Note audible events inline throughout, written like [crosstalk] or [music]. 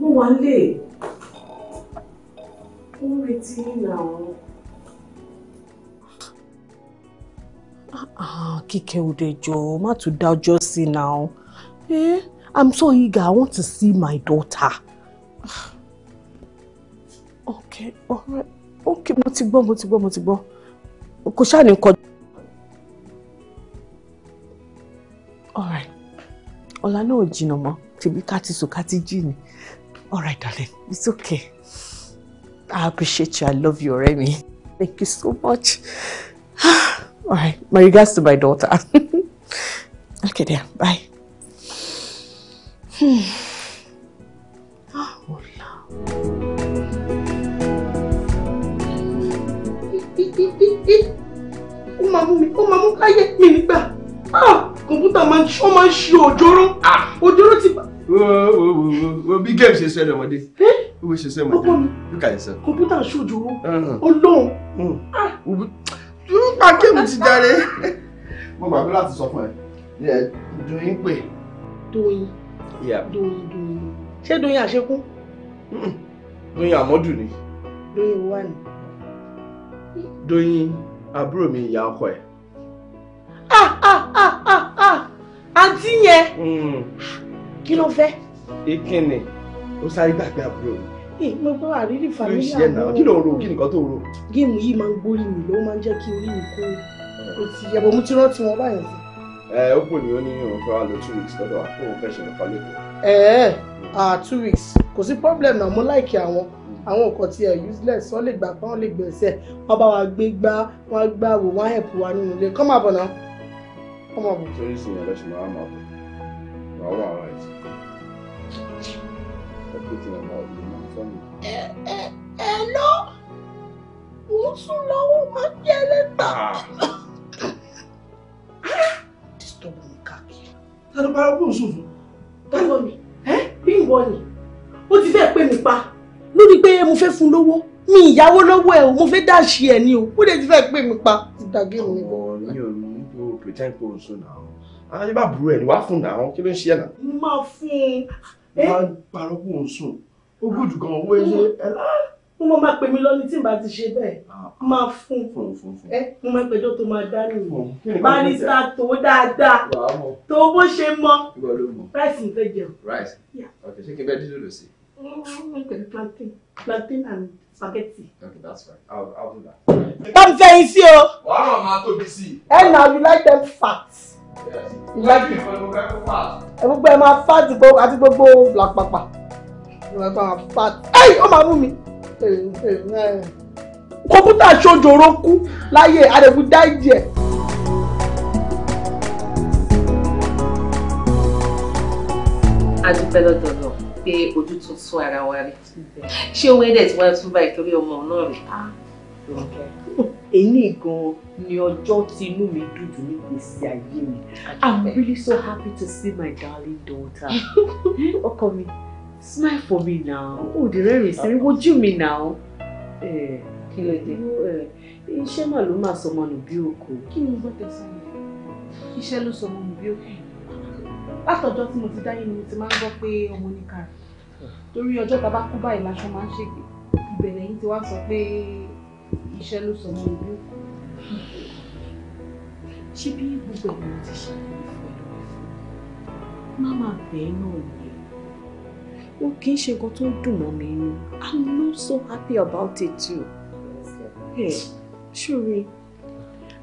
mo wà nílé ó ń retí nínú àwọn. Ah, ah, kíkẹ́ òdejò má tún dájọ́ sí i now eh? i'm so eager i want to see my daughter. [sighs] okay alright okay mo ti gbọ́ mo ti gbọ́ mo ti gbọ́ kò ṣáà ní kọjú. alright ọ̀la náà jìnnà mọ́ tèmi ká ti sùn ká ti jí All right, darling. It's okay. I appreciate you. I love you, Remy. Thank you so much. [sighs] All right. My regards to my daughter. [laughs] okay, dear. Bye. Hmm. Oh, Ó Oh mú Oh ó máa mú Oh mi nígbà. Ah! kọ̀mpútà máa ń ṣe ó máa ń ṣe òjòrò ah! òjòrò ti bá. wo bí game ṣe sọ ẹ̀rọ ọmọdé wo eh? ṣe sọ ẹ̀rọ ọmọdé look at yourself. kọ̀mpútà ń ṣe òjòrò ọlọ́run. yorùbá géèmù ti dáre. mo gbàgbé láti sọ fún ẹ Doyin pè. Doyin Doyin Doyin ṣé Doyin àṣekún. Doyin àmọ́dù ni. Doyin wà ní. Doyin àbúrò mi ìyá ọkọ ẹ̀. ah ah ah ah àǹtí yẹn hmm. kí ló fẹ́. ìkíni ó sáré gbàgbé àbúrò rẹ mo gbọ́ àrírí fàmílì àwọn ọmọ kí ló ń ro kí nìkan tó ń ro. géèmù yìí máa ń gbórí mi ló máa ń jẹ́ kí orí mi kó o ti yẹ̀bọ̀ mo ti rántí wọn báyìí sí. ẹ ó pè ní ó ní òun fẹ́ wá lọ two weeks lọ́dọ̀ àpò òun fẹ́ ṣe nípa lẹ́kọ̀ọ́. ẹ ẹ ah two weeks kò sí problem náà mo láìkí àwọn àwọn nǹkan tí ẹ useless wọn lè gbà pé wọn lè gbẹ̀sẹ̀ wọn bá wa gbé gbá wọn gbá wò wọn help wa nínú ilé kọ́ máa bọ̀ náà ọmọ mi. torí sìn yẹn lọ́sùn máa máa bọ̀ wàá wà ọ̀rọ̀ ẹ̀tì everything about you máa fẹ́ mi. ẹ ẹ ẹ lọ mo sùn lọ́wọ́ máa jẹ́ lẹ́tà. Ah. disturb me káàkiri. ta ló bá rọ́ bóun sùn fún. ta ló ní ẹ bí ìwọ ni ti fẹ́ pè mí pa lórí pé mo fẹ́ fún lówó mi ìyàwó lọ́wọ́ ẹ o mo fẹ́ dáṣì ẹ ni o ó lè ti fẹ́ pè mí pa. ó dàgé mi pretend kó ronso náà ayé bá burú ẹ̀ ni wàá fún náà kí ló ń ṣe ẹ̀ náà. mo máa fún un. Eh? máa ń parọ́ kó o sùn ó gùdù gan owó ẹ ẹ lá. mo máa máa pè mí lọ ní tí n bá ti ṣe bẹ́ẹ̀ ah. máa fún un ẹ eh? mo máa pẹjọ́ tó máa dá nìyí barista tó dáadáa tó bó ṣe mọ rice ń fẹ́ jẹun. rice ok ṣé kí n bẹ́ẹ̀ dídò lò sí. plantain plantain and spaghetti. okay that's fine. i'll i'll do that. Come fẹ́ yín sí o. wàhálà máa tóbi sí i. and now you like them fat. you like them. gbogbo ẹ máa fat gbogbo àti gbogbo làpàpà. ẹ máa fat. ẹ ọ máa mú mi. kọ̀mpútà ṣojoro kú láyé àdẹ̀kú dáìjì ẹ̀. adúpẹ́ lọ́dọ̀ lọ pé ojú tún tún ara wa rí ṣé owó ẹ̀dẹ̀ tí wọ́n tún báyìí torí ọmọ náà rí pa. èyí gan ni ọjọ́ tí inú mi dùdú nígbèsí ayé mi I'm really so happy to see my darling daughter [laughs] ọkọ mi smile for me now ó di rẹ́rìn sí wojú mi now eh, kí ló dé eh, iṣẹ́ mà ló máa sọmọ nù bí òkú. kí ni gbọ́ tẹ̀sán mi iṣẹ́ ló sọmọ nù bí òkú látọjọ́ tí mo ti dáyé ni mo ti máa ń gbọ́ pé ọmọ oníkàrà torí ọjọ́ tá a bá kú báyìí láṣọ máa ń ṣègbè ìbẹ̀rẹ̀ yìí ti wá sọ pé iṣẹ́ ló sọ mọ́ ìlú. ṣé bí gbogbo ẹ̀rọ ti ṣe ìfẹ́ má máa bẹ́ẹ̀ náà nìyẹn ó kì í ṣe nǹkan tó ń dùn mọ́ mi inú I'm not so happy about it too. ṣòro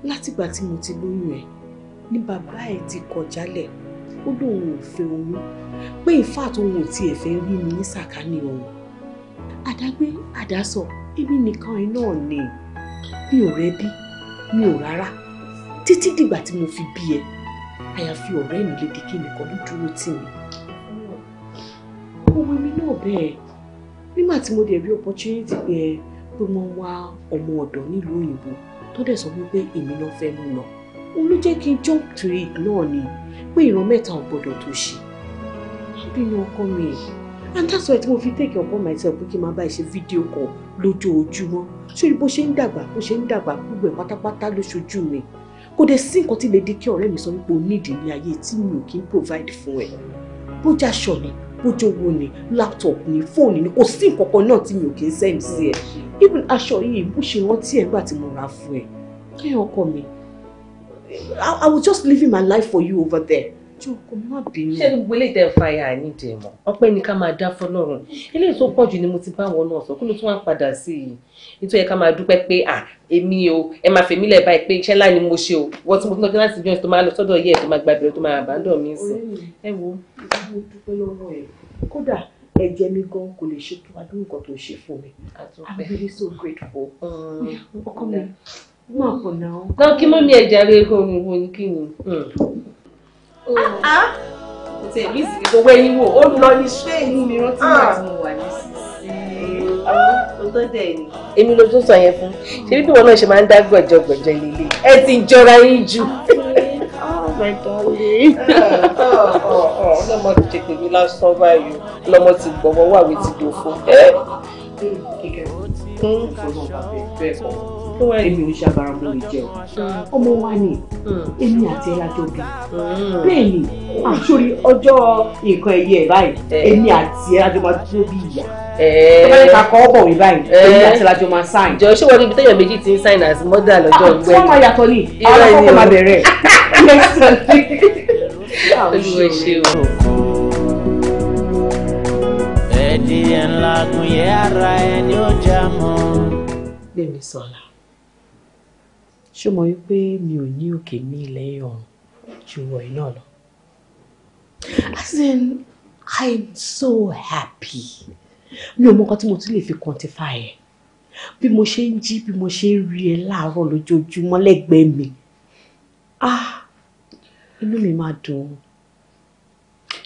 látìgbà tí mo ti lóyún ẹ ní bàbá ẹ ti kọjálẹ̀ ó lóun ò fẹ́ oyún pé ìfàtò òun ò tiẹ̀ fẹ́ rí mi ní sàkání ọ̀hún àdágbé àdásọ ẹbí nìkan iná ni mi ò rẹ́bí mi ò rárá títí dìgbà tí mo fi bí ẹ àyàfi ọ̀rẹ́ mi lédèké nìkan ló dúró tì mí owó mi náà bẹ́ẹ̀ nígbà tí mo dẹ̀ rí opportunity pé pé wọ́n wá ọmọ ọ̀dọ́ nílùú òyìnbó tó dẹ̀ sọ wípé èmi ló fẹ́ mú lọ òun ló jẹ́ kí n jump to it náà ni. No, pé ìran mẹ́ta ò gbọ́dọ̀ tó ṣe bínú ọkọ mi and that's why tí mo fi take upon myself pé kí n máa bá ẹ ṣe fídíò call lójoojúmọ́ sórí bó ṣe ń dàgbà bó ṣe ń dàgbà gbogbo ẹ̀ pátápátá lóṣojú mi kò dẹ̀ sí nǹkan tí lè di kí ọ̀rẹ́ mi sọ wípé o nídìí ní ayé tí mi ò kí ń provide fún ẹ bójá aṣọ ni bójá owó ni laptop ni fóònù ni kò sí nǹkan kan náà tí mi ò kí ń send sí ẹ even aṣọ yìí bó ṣe rántí ẹ̀ nígbà tí mo ra fún ẹ ẹ ọkọ mi I, I was just living my life for you over there. Jọ̀kọ̀ má bínú. Ṣé gbogbo eléyìí tẹ́ ń fa ìhà ní ìdẹ̀mọ̀? Ọpẹ́ ni ká máa dá fọlọ́run. Eléyìí tó pọ̀ jù ni mo ti bá wọn náà sọ, kí ló tún wá padà sí i? Nítorí ẹ ká máa dúpẹ́ pé à èmi o, ẹ máa fèmí lẹ̀ báyìí pé iṣẹ́ ńlá ni mo ṣe o. Wọ́n ti mo tún lọ láti jọ́yìn tó máa lọ sọ́dọ̀ yẹ̀ tó máa gba ìbẹ̀rẹ̀ tó máa bá dọ̀ mí sùn. Ẹ wo. Mo dúpẹ́ lọ́wọ́ Kódà ẹ̀jẹ̀ mi gan kò lè ṣètò adúgbò kan tó ṣe fún I'm really so grateful. Mm. Ọkọ mi não, não que já veio ah, ah, você, vai é se ele má pọ̀ náà. lọ kí mọ́mí ẹ jàre kó ah, wo ní kí ni. kò tẹ̀ mí sí gbogbo ẹni wo ó lọ ní ṣéènì mi rántí nígbà ah. tí mo wà ní sísè. Ah. èmi ló tún sọ yẹn fún ṣé bí wọn náà ṣe máa ń dá gbọ̀jọ gbọ̀jọ ilé ilé ẹ ti ń jọra yín jù. Ah, my darling. [laughs] Ọlọ́mọ ti tètè mi lásán báyìí. Ọlọ́mọ ti gbọ̀wọ́ wà wí ti dòfo. Kíkẹ́, fún hmm. ìṣòro bàbá ẹ̀ bẹ́ẹ̀ kọ́ tó wà èmi ò ṣàbàrà mo lè jẹ o ọmọ wa ni èmi àti ẹyà jọ bí bẹ́ẹ̀ ni àṣórí ọjọ́ nǹkan ẹyẹ báyìí èmi àti ẹyà jọ máa dúró bí ìyá tọ́lá ìka kọ́ ọ̀bọ̀ mi báyìí èmi àti ẹyà jọ máa sáìn. jọ ṣé wọn níbi tẹyọ méjì ti ń sáìn as mother lọ́jọ́ ìgbẹ tí wọn máa yàtọ̀ ni àwọn akọkọ máa bẹ̀rẹ̀ ẹdí ẹ̀ ńlá gùn yẹ ara ẹni ó jà mọ́. Bẹ́ẹ̀ni sọ̀la ṣó mọ̀ wípé mi ò ní òkè mi ilẹ̀ ọ̀run ju wọ̀nyí náà lọ. as in i'm so happy mi ò mọ nǹkan tí mo tún lè fi quantify ẹ̀ bí mo ṣe ń jí bí mo ṣe ń rí ẹ láàárọ̀ lójoojúmọ́ lẹ́gbẹ̀ẹ́ mi ah inú mi máa dùn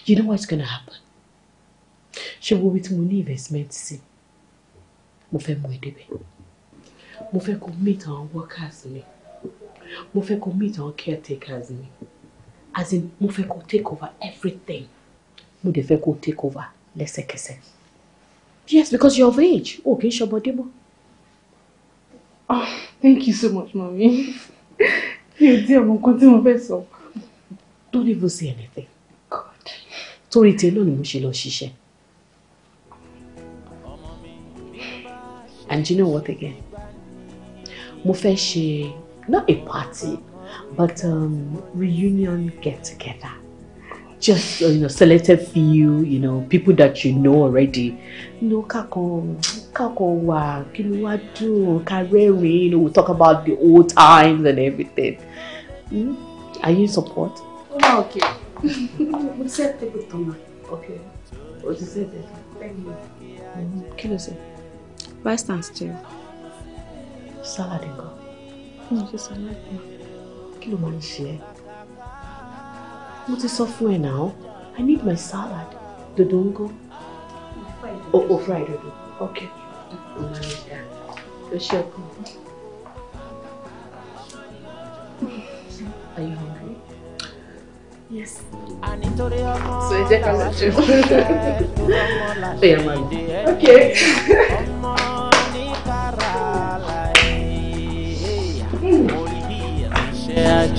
you know what's gonna happen ṣé wo bí tí mo ní investment sí mo fẹ́ mú ẹ débẹ̀ mo fẹ́ kó meet àwọn workers mi mo fẹ́ kó meet àwọn caretakers mi as in mo fẹ́ kó take over everything mo dẹ̀ fẹ́ kó take over lẹ́sẹ̀kẹsẹ̀ yes because you're of age o kì í ṣọmọdé mọ́. Oh, thank you so much, mommy. You dear, mo kàn tí mo fẹ́ sọ. Don't even say anything. God. Torí tèmi náà ni mo ṣe lọ ṣiṣẹ́. And you know what again? Mo fẹ́ ṣe not a party, but um, reunion get together. Just uh, you know, selected few, you know, people that you know already. You know, kako, kako wa, kini karere. You know, we talk about the old times and everything. Hmm? Are you in support? Oh, okay. We said people to Okay. What is it? Thank you. Hmm, kí ló ṣe? Vice Chancellor. Salad nǹkan fún mi ṣe ṣàlàyé kí ló máa ń ṣe ẹ́ mo ti sọ fún ẹ náà I need my salad dodo ń gó oh oh fried dodo okay mo máa ń dá lọ ṣe ọkọ. Are you hungry? Yes. So is that how much? Okay. [laughs] I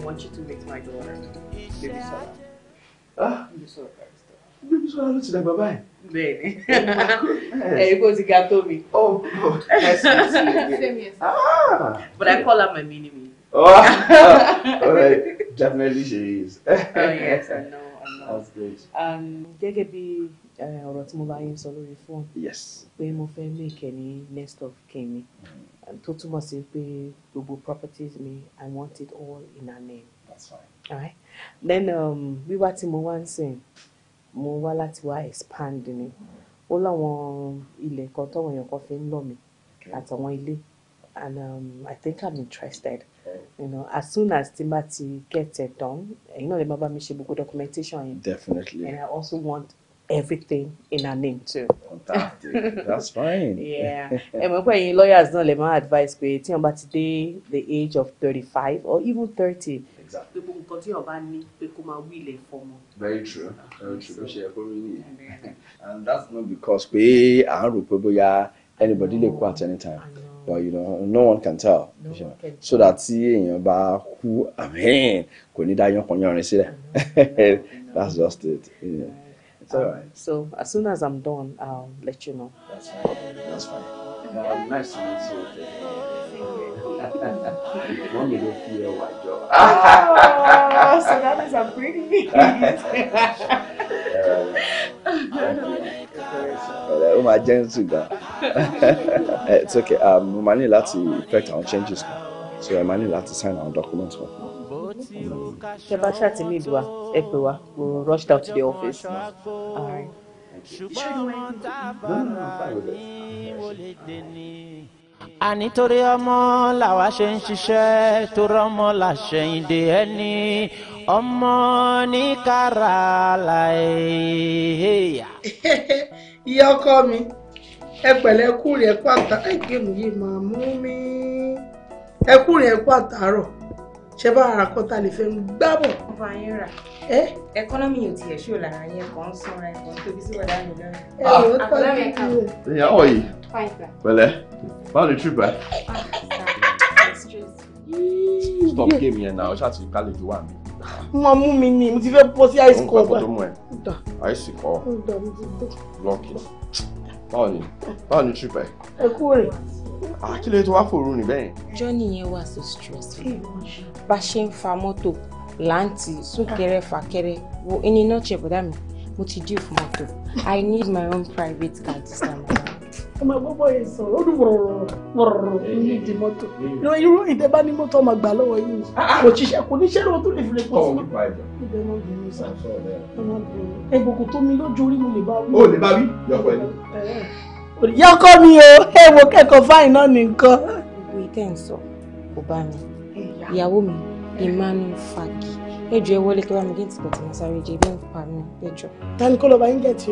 want you to meet my daughter, ah! Baby Sola. Baby Sola Barrister. Baby Sola ló ti dàgbà báyìí. Bẹ́ẹ̀ni. Oh Ẹ̀rí kò ti ga tó Oh God, Same here. Ah! But I call her my mini me. Oh, [laughs] all right. Definitely she is. oh yes, I know that's great. Um, gẹ́gẹ́ bí eh, ọ̀rọ̀ tí mo bá yín sọ lórí fóònù pé mo fẹ́ make any next of kin mi um, tó túmọ̀ sí pé gbogbo properties mi I want it all in her name. That's fine. All then um, wíwá tí mo wá ń sìn mo wá láti wá expand ni ó láwọn ilẹ̀ kan tọ́wọ̀n èèyàn kan fi ń lọ̀ mí àtàwọn ilé and um, I think I'm interested you know as soon as tí bá ti it done you know lè má bá mi ṣe gbogbo documentation definitely and I also want everything in her name too. fantastic that's fine. [laughs] yeah and when your ẹ̀yin lawyers náà lè advice pé you, wọ́n today the age of thirty-five or even thirty exactly. gbogbo nǹkan tí ọba ní pé kó máa wí ilẹ̀ very true very true ló ṣe ẹ̀kọ́ and that's not because pé à ń anybody lè kó at any time but you know no one can tell no one can so that tí èèyàn bá kú amen kò ní dá yànkàn yànrin sílẹ̀ mm-hmm. [laughs] that's just it. Yeah. It's um, So as soon as I'm done, I'll let you know. That's fine. That's fine. Um, nice to meet you. Wọ́n [laughs] mi ló fi ẹwà jọ. Oh, so that means I'm pretty ó máa jẹ́ ń sùn [laughs] eh, it's okay um, mo máa ní láti effect àwọn changes kan so ẹ máa ní láti sign àwọn documents kan. ṣé bá ṣáà ti ní ẹ pè wá we will rush down to the office. All ọmọ làwa ṣe ń ṣiṣẹ́ torí ọmọ làṣẹ̀yìndè ẹni ọmọ ní kàrà láì. [laughs] ìyá ọkọ mi ẹ pẹ̀lẹ́ ẹkú rẹ̀ ẹkú yìí máa mú mi ẹkú rẹ̀ ẹkú àtàrọ̀ ṣe bá ara kan ta lè fẹ́ ń gbábọ̀. ọba yín rà ẹkọ́nọ́mì yóò tiẹ̀ ṣó lára yẹn kàn ń sanra ẹ̀ tóbi sí wàdà mi lọ́rẹ̀. ẹ ò ah, tọ́jú mi. ìyàwó yìí pẹ̀lẹ́ báwo ni trip ah, rẹ. stop game yẹn náà ó ṣàtìkálẹ̀ jù wà mí. Wọ́n mú mi ni, mo ti fẹ́ bọ́ sí ice cup. Mo ń pẹ́ fọ́tò mú ẹ. Ice cup. Lọ́ọ̀kì. Báwo ni? Báwo ni trip ẹ? Ẹ kú rè. Akílẹ̀ tó wá fòrú ni bẹ́ẹ̀. Jọ́nì yẹn wà so stressful. Bá ṣe ń fa mọ́tò láǹtì súnkẹrẹ fàkẹrẹ wo ẹni náà ṣe bọ̀dá mi mo ti dí fún mọ́tò I need my own private car this time ọmọ ẹgbẹ́ bọ́ yẹn sọ̀rọ̀ ó dùn wọ̀rọ̀rọ̀ ní ìdí mọ́tò irú ìdẹ bá ní mọ́tò ọmọ gbà lọ́wọ́ yìí ah, ah. kò ṣiṣẹ́ kò ní ṣẹ́rọ̀ tó lè fi lè pọ̀ oh, sí ìdẹ náà bìnrin sá ẹgbòkò tó mi lójú orí mo lè bá wí. o oh, lè bá wí yọkọ ẹni. Eh, yọkọ mi o èèwọ̀ kẹ́kọ̀ọ́ fáìn náà ní nǹkan. ìwé tẹ́ ń sọ kò bá mi ìyàwó mi ìmánu fagi ẹjọ ẹ wọlé kí wàá mi gé ìtìkọ̀tì mọ́sáré jẹ bí ń pa mi ẹjọ. ta kó lọ bá ń gẹ̀ tí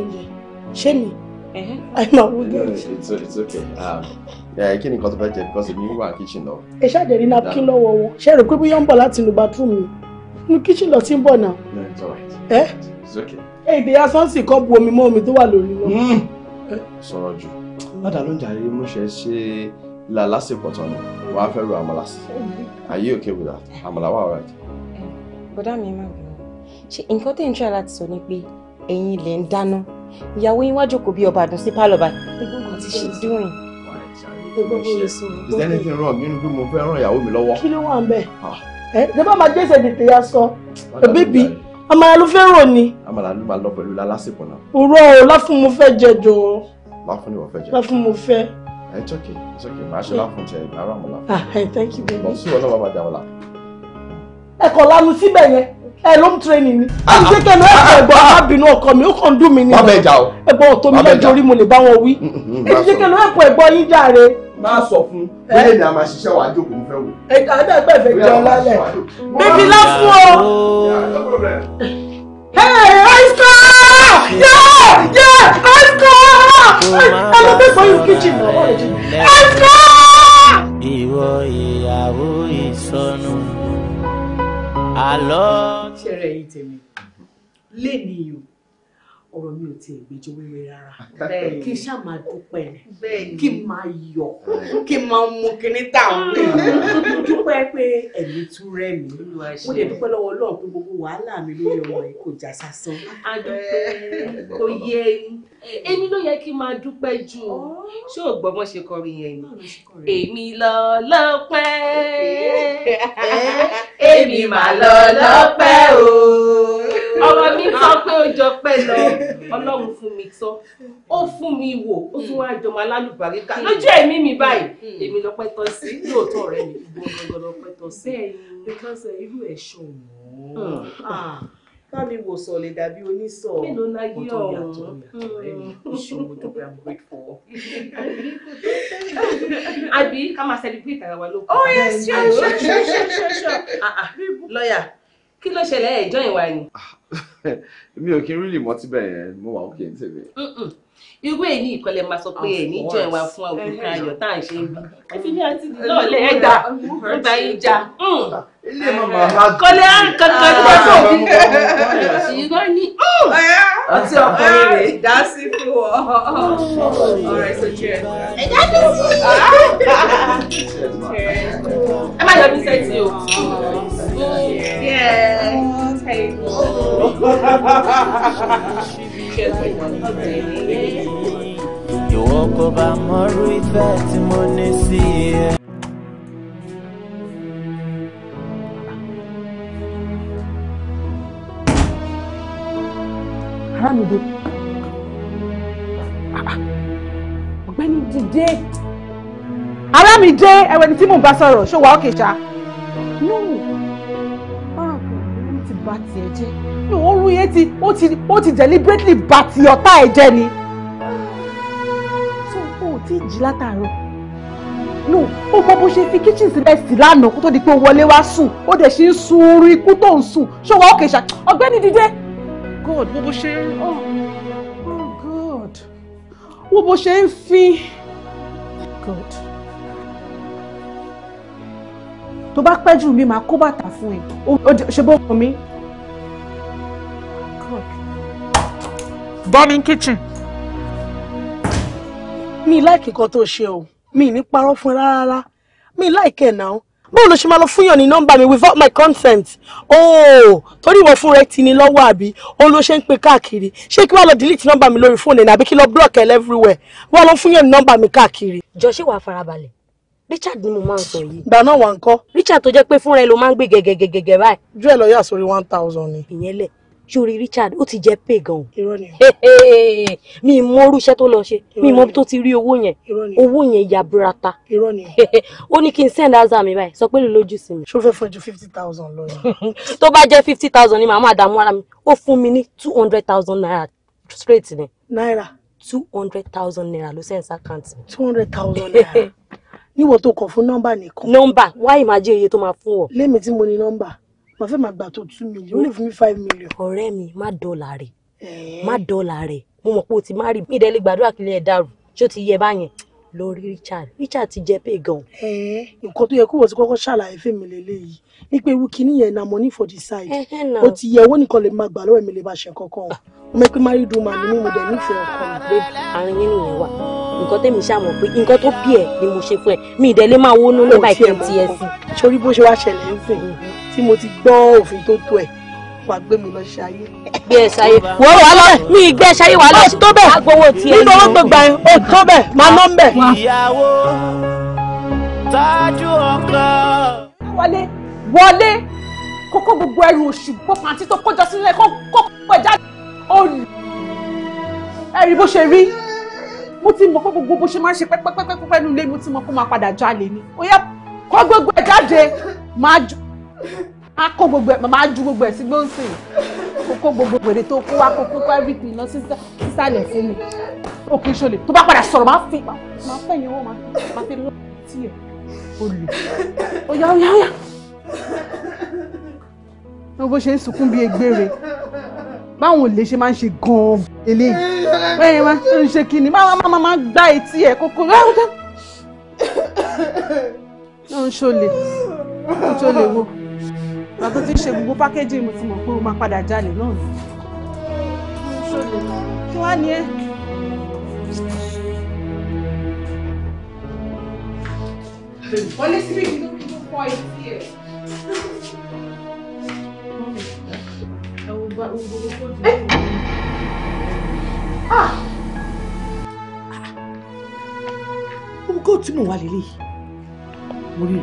ṣé mi ẹ máa wo ní it's okay um, Yeah, I can't tó fẹ́ jẹ because èmi wà kitchen now. ẹ ṣáàjẹ rí napkin lọ́wọ́ wọn share. é rò pé bóyá in the bathroom mi kitchen lot in ń bọ̀ náà. it's alright eh? it's okay. Hey, asán sì kọ́ bu omi mọ́ me, tó wà lórí wọn. Hmm. sọ̀rọ̀ jù ládàá ló ń jàre mo ṣe la lásìkò tán ni wàá fẹ́ ro àmàlà are you okay with that àmàlà wà alright. bọ́dá mi máa bẹ̀rẹ̀ ṣe nǹkan tẹ̀ ń ṣe láti sọ ni pé ìyàwó yín wá jókòó bí ọba àdùn sí pálọ̀ báyìí. ẹ̀gbọ́n kan ti ṣe dúrin. ẹ̀gbọ́n mi lè sọ. is there anything wrong nínú bí mo fẹ́ ràn ìyàwó mi lọ́wọ́. kí ló wà ń bẹ̀. Ah. ẹ ẹ bá máa jẹ́sẹ̀ tètè ya sọ bébì àmàlà ló fẹ́ rò ni. àmàlà ló máa lọ pẹ̀lú lásìkò náà. òró o láfún mo fẹ́ jẹ jọ. láfún ni mo fẹ́ jẹ. láfún mo fẹ́. it's okay it's okay màá ṣe láfún jẹ ìgbà ara mọ̀ láfún. ah thank you baby. lọ sí ọ náà bàbá jà ọ la. ẹ kọ̀ lanu síbẹ̀ yẹn ẹ ló ń training ni ẹni tí kẹlẹ ẹ ah, ẹ̀gbọ́n ah, arábìnrin ah. ọkọ mi ó kàn dùn mí ni ẹ̀gbọ́n ọ̀tọ̀ mi lẹjọ orí mo lè bá wọn wí ẹni tí kẹlẹ ẹ ẹ̀gbọ́n yín jàre. máa sọ fún bẹ́ẹ̀ ni a máa ṣiṣẹ́ wa jókòó fẹ́ wò. ẹ̀ka ẹ̀dá ẹgbẹ́ ìfẹ́ jẹun lálẹ́ bíbí lá fún ọ. Hey, ice cream! Yeah, yeah, ice cream! I love it for your kitchen. Ice cream! Ìwọ ìyàwó ìsọnù, àlọ́ ṣẹrẹ ẹ̀yin tèmi lè ní ọ̀rọ̀ mi ò tiẹ̀ gbèjọ wéwé rárá kí n ṣáà máa dúpẹ́ kí n máa yọ̀ kí n máa mú kinní tà ń pè ah. mo dúpẹ́ pé ẹ̀mí tún rẹ̀ mí mo lè dúpẹ́ lọ́wọ́ Ọlọ́run pé gbogbo wàhálà mi lórí ọmọ yìí kò já sásán. a kò yẹ èmi ló yẹ kí n máa dúpẹ́ jù ṣé ò gbọ́ bó ṣe kọrin yẹn ni èmi lọ èmi mà lọ o ọ̀rọ̀ mi ah. sọ pé ó jọ pẹ́ lọ ọlọ́run fún mi sọ ó fún mi wò ó tún wá jọmọ alálùbáríkà hmm. lójú ẹ̀mí mi báyìí hmm. èmi lọ́pẹ́ tọ́ sí lóòótọ́ ọ̀rẹ́ mi gbogbo lọ́pẹ́ tọ́ sí ẹ̀yìn because eh, irú ẹ̀ ṣọ̀wọ́n kámi hmm. ah, wò sọ lè dàbí onísọ mélòó la yí ọ̀hún ìṣòro tó bá gbé fọ. àbí ká máa celebrate ara wa lóko. oh yes sure sure sure sure sure. lọ́ọ̀yà kí ló ṣẹlẹ̀ ẹ̀jọ́ ìwà ni. Ah, mi ò kí n rírì mọ́ tíbẹ̀ yẹn mo wà òkè ní tèmi. irú èyí ìkọlẹ̀ máa sọ pé ẹ̀ní jọ ẹ̀wà fún òkúta ayọ̀ tá à ń ṣe é bí. ẹ̀fí bí àti náà lè ẹ̀dá nígbà yìí já. ilé mm. màmá ha kọ́lé kankan nígbà tó bí. ṣùgbọ́n ní. Mm. àti ọkùnrin rẹ̀. ìdásí fún ọ. ọ̀rẹ́ sojú ẹ̀. ẹ̀dá mi sí. ẹ má yọ mí sẹ́tì o table. You walk over more with that money, see. Ramide. Ọ̀gbẹ́ni dìde. Arámidé ẹ̀wẹ̀ ni tí mò ń bá sọ̀rọ̀ ṣó wà ókè ṣá. No. ọkùnrin yẹn ti ó ti ó ti deliberately bà ti ọ̀tá ẹ̀ jẹ́ ni. so o ò tí ì jí látàárọ̀ no ó mọ bó ṣe fi kitchen sílẹ̀ sí lánàá kó tó di pé ó wọlé wá sùn ó dẹ̀ ṣe ń sun oorun ikú tó ń sùn ṣó wa ó kè ṣá ọ̀gbẹ́ni dìde. god wo bó ṣe ń oh oh god wo bó ṣe ń fi god tó bá pẹ́ jù mí máa kó bàtà fún ẹ ṣe bó mọ mi. dining kitchen. mi láìkì kan tó ṣe o mi ní parọ́ fún rárá mi láìkì ẹ̀ náà báwo ló ṣe máa lọ fún yàn ní nọ́mbà mi without my consent oh torí ìwọ fún rẹ ti ní lọ́wọ́ àbí òun ló ṣe ń pe káàkiri ṣé kí wàá lọ delete nọ́mbà mi lórí fóònù ẹ̀ àbí kí lọ block ẹ̀ everywhere wàá lọ fún yàn ní nọ́mbà mi káàkiri. jọ ṣé wàá farabalẹ̀ Richard ni mo máa ń sọ yìí. ìgbà náà wà ń kọ́. Richard tó jẹ́ pé fúnra ẹ ló máa ń gbé gẹ́gẹ́gẹ́gẹ́ báyìí. ju ẹ lọ yà sórí one thousand ni. ìyẹn lẹ̀ sórí Richard ó ti jẹ pay gan o mi mọ orúṣẹ tó lọ ṣe mi mọ bí tó ti rí owó yẹn owó yẹn ya burata ó ní kí n send azar mi báyìí sọ pé lè lójú sí mi. ṣó fẹ́ fún ju fifty thousand lọ ni. [laughs] tó bá jẹ́ fifty thousand ni màmá àdàmú ara mi ó fún mi ní two hundred thousand naira straight ni. Naira. two hundred thousand naira ló send account. two hundred thousand naira [laughs] níwọ̀n tó kàn fún nọ́mbà nìkan. nọ́mbà wá ìmájẹ́ iye tó máa fún ọ. lémi tí mo ní nọ́mbà màá fẹ́ máa gbà tó two million ó lè fún mi five million. ọ̀rẹ́ mi má dọ́là rẹ̀ eh. má dọ́là rẹ̀ mo mọ̀ pé o ti má rí mi ìdẹ́lẹ́ gbàdúrà kí lè dàrú ṣó ti yẹ báyẹn lórí Richard Richard ti jẹ pé gan. Eh, nǹkan tó yẹ kó wọ́n ti kọ́kọ́ ṣàlàyé fèmí lélẹ́yìí ní pé ewu kìíní yẹn na money for the side ó ti yẹ owó nìkan lè máa gbà lọ́wọ́ mi lè bá ṣe kankan o mọ̀ pé married woman ni mí mo dẹ̀ nífẹ̀ẹ́ ọkọ mi. àárín yín nìyẹn wà nǹkan tẹ̀mí ṣàmọ̀ pé nǹkan tó bí ẹ̀ ni mo ṣe fún ẹ mi ìdẹ́ lè máa wónú lọ́ba ìpín ti ẹ sí. sori bó ṣe wá ṣẹlẹ̀ ń fìn tí mo ti gbọ́ òfin tó tó ẹ̀ wàá gbé mi lọ ṣayé. gbé ẹ ṣayé wò ó wà lọ mi ìgbẹ́ ṣayé wà lọ tó bẹ́ẹ̀ agbowó tiẹ̀ nínú owó gbogbo ẹ̀ ó tó bẹ́ẹ̀ máa ná bẹ́ẹ̀. ìyàwó tájú ọkọ. wọlé wọlé kókó gbogbo ẹrù oṣù kó pàǹtí tó kó jọ sílẹ̀ kó kó pẹ̀ jáde ó mo ti mọ̀ pé gbogbo bó ṣe máa ń ṣe pẹ́pẹ́pẹ́pẹ́ nínú ilé mo ti mọ̀ pé máa padà jalè ni ó yá kó gbogbo ẹ̀ jáde máa ju máa kó gbogbo ẹ̀ máa ju gbogbo ẹ̀ sí gbóǹsì kó kó gbogbo èrè tó kó wá kó kó everything lọ sísàlẹ̀ fún mi ó kì í ṣọlẹ̀ tó bá padà sọ̀rọ̀ máa fi máa fẹ̀yìn owó máa fi lọ́ọ́ tiẹ̀ ó lè ó yá ó yá ó yá bó ṣe ń sunkún bí egbére báwọn olè ṣe máa ń ṣe gan-an eléyìí bẹ́ẹ̀ máa ń ṣe kí ni máa máa máa gbá etí ẹ̀ kókó ráúdá náà ń ṣọlẹ̀ ń ṣọlẹ̀ wo bàbá tó ti ṣe gbogbo pákéjì mo ti mọ̀ pé ó máa padà jalè náà ni kí wàá ní ẹ. wọlé síbí kí ló kí ló fọ etí ẹ. ohun kó eh! ah! tí mò ń wá lélẹ̀ yìí mo rí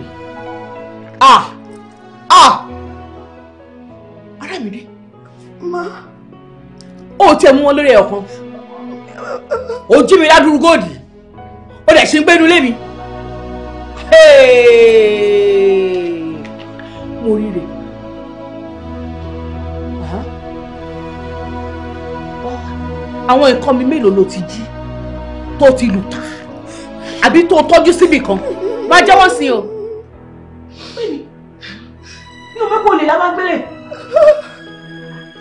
ah ah ara mi dé má ó tiẹ̀ mú wọn lórí ẹ̀ ọ̀kan ó jí mi ládùúrú góòdì ó dẹ̀ ṣe ń gbénu lé mi mo rí àwọn nǹkan mi mélòó ló ti jí tó ti lù tà àbí tó tọ́jú síbì kan má jẹ́wọ́ sí o. mi ò fẹ́ kó lè lábàgbélé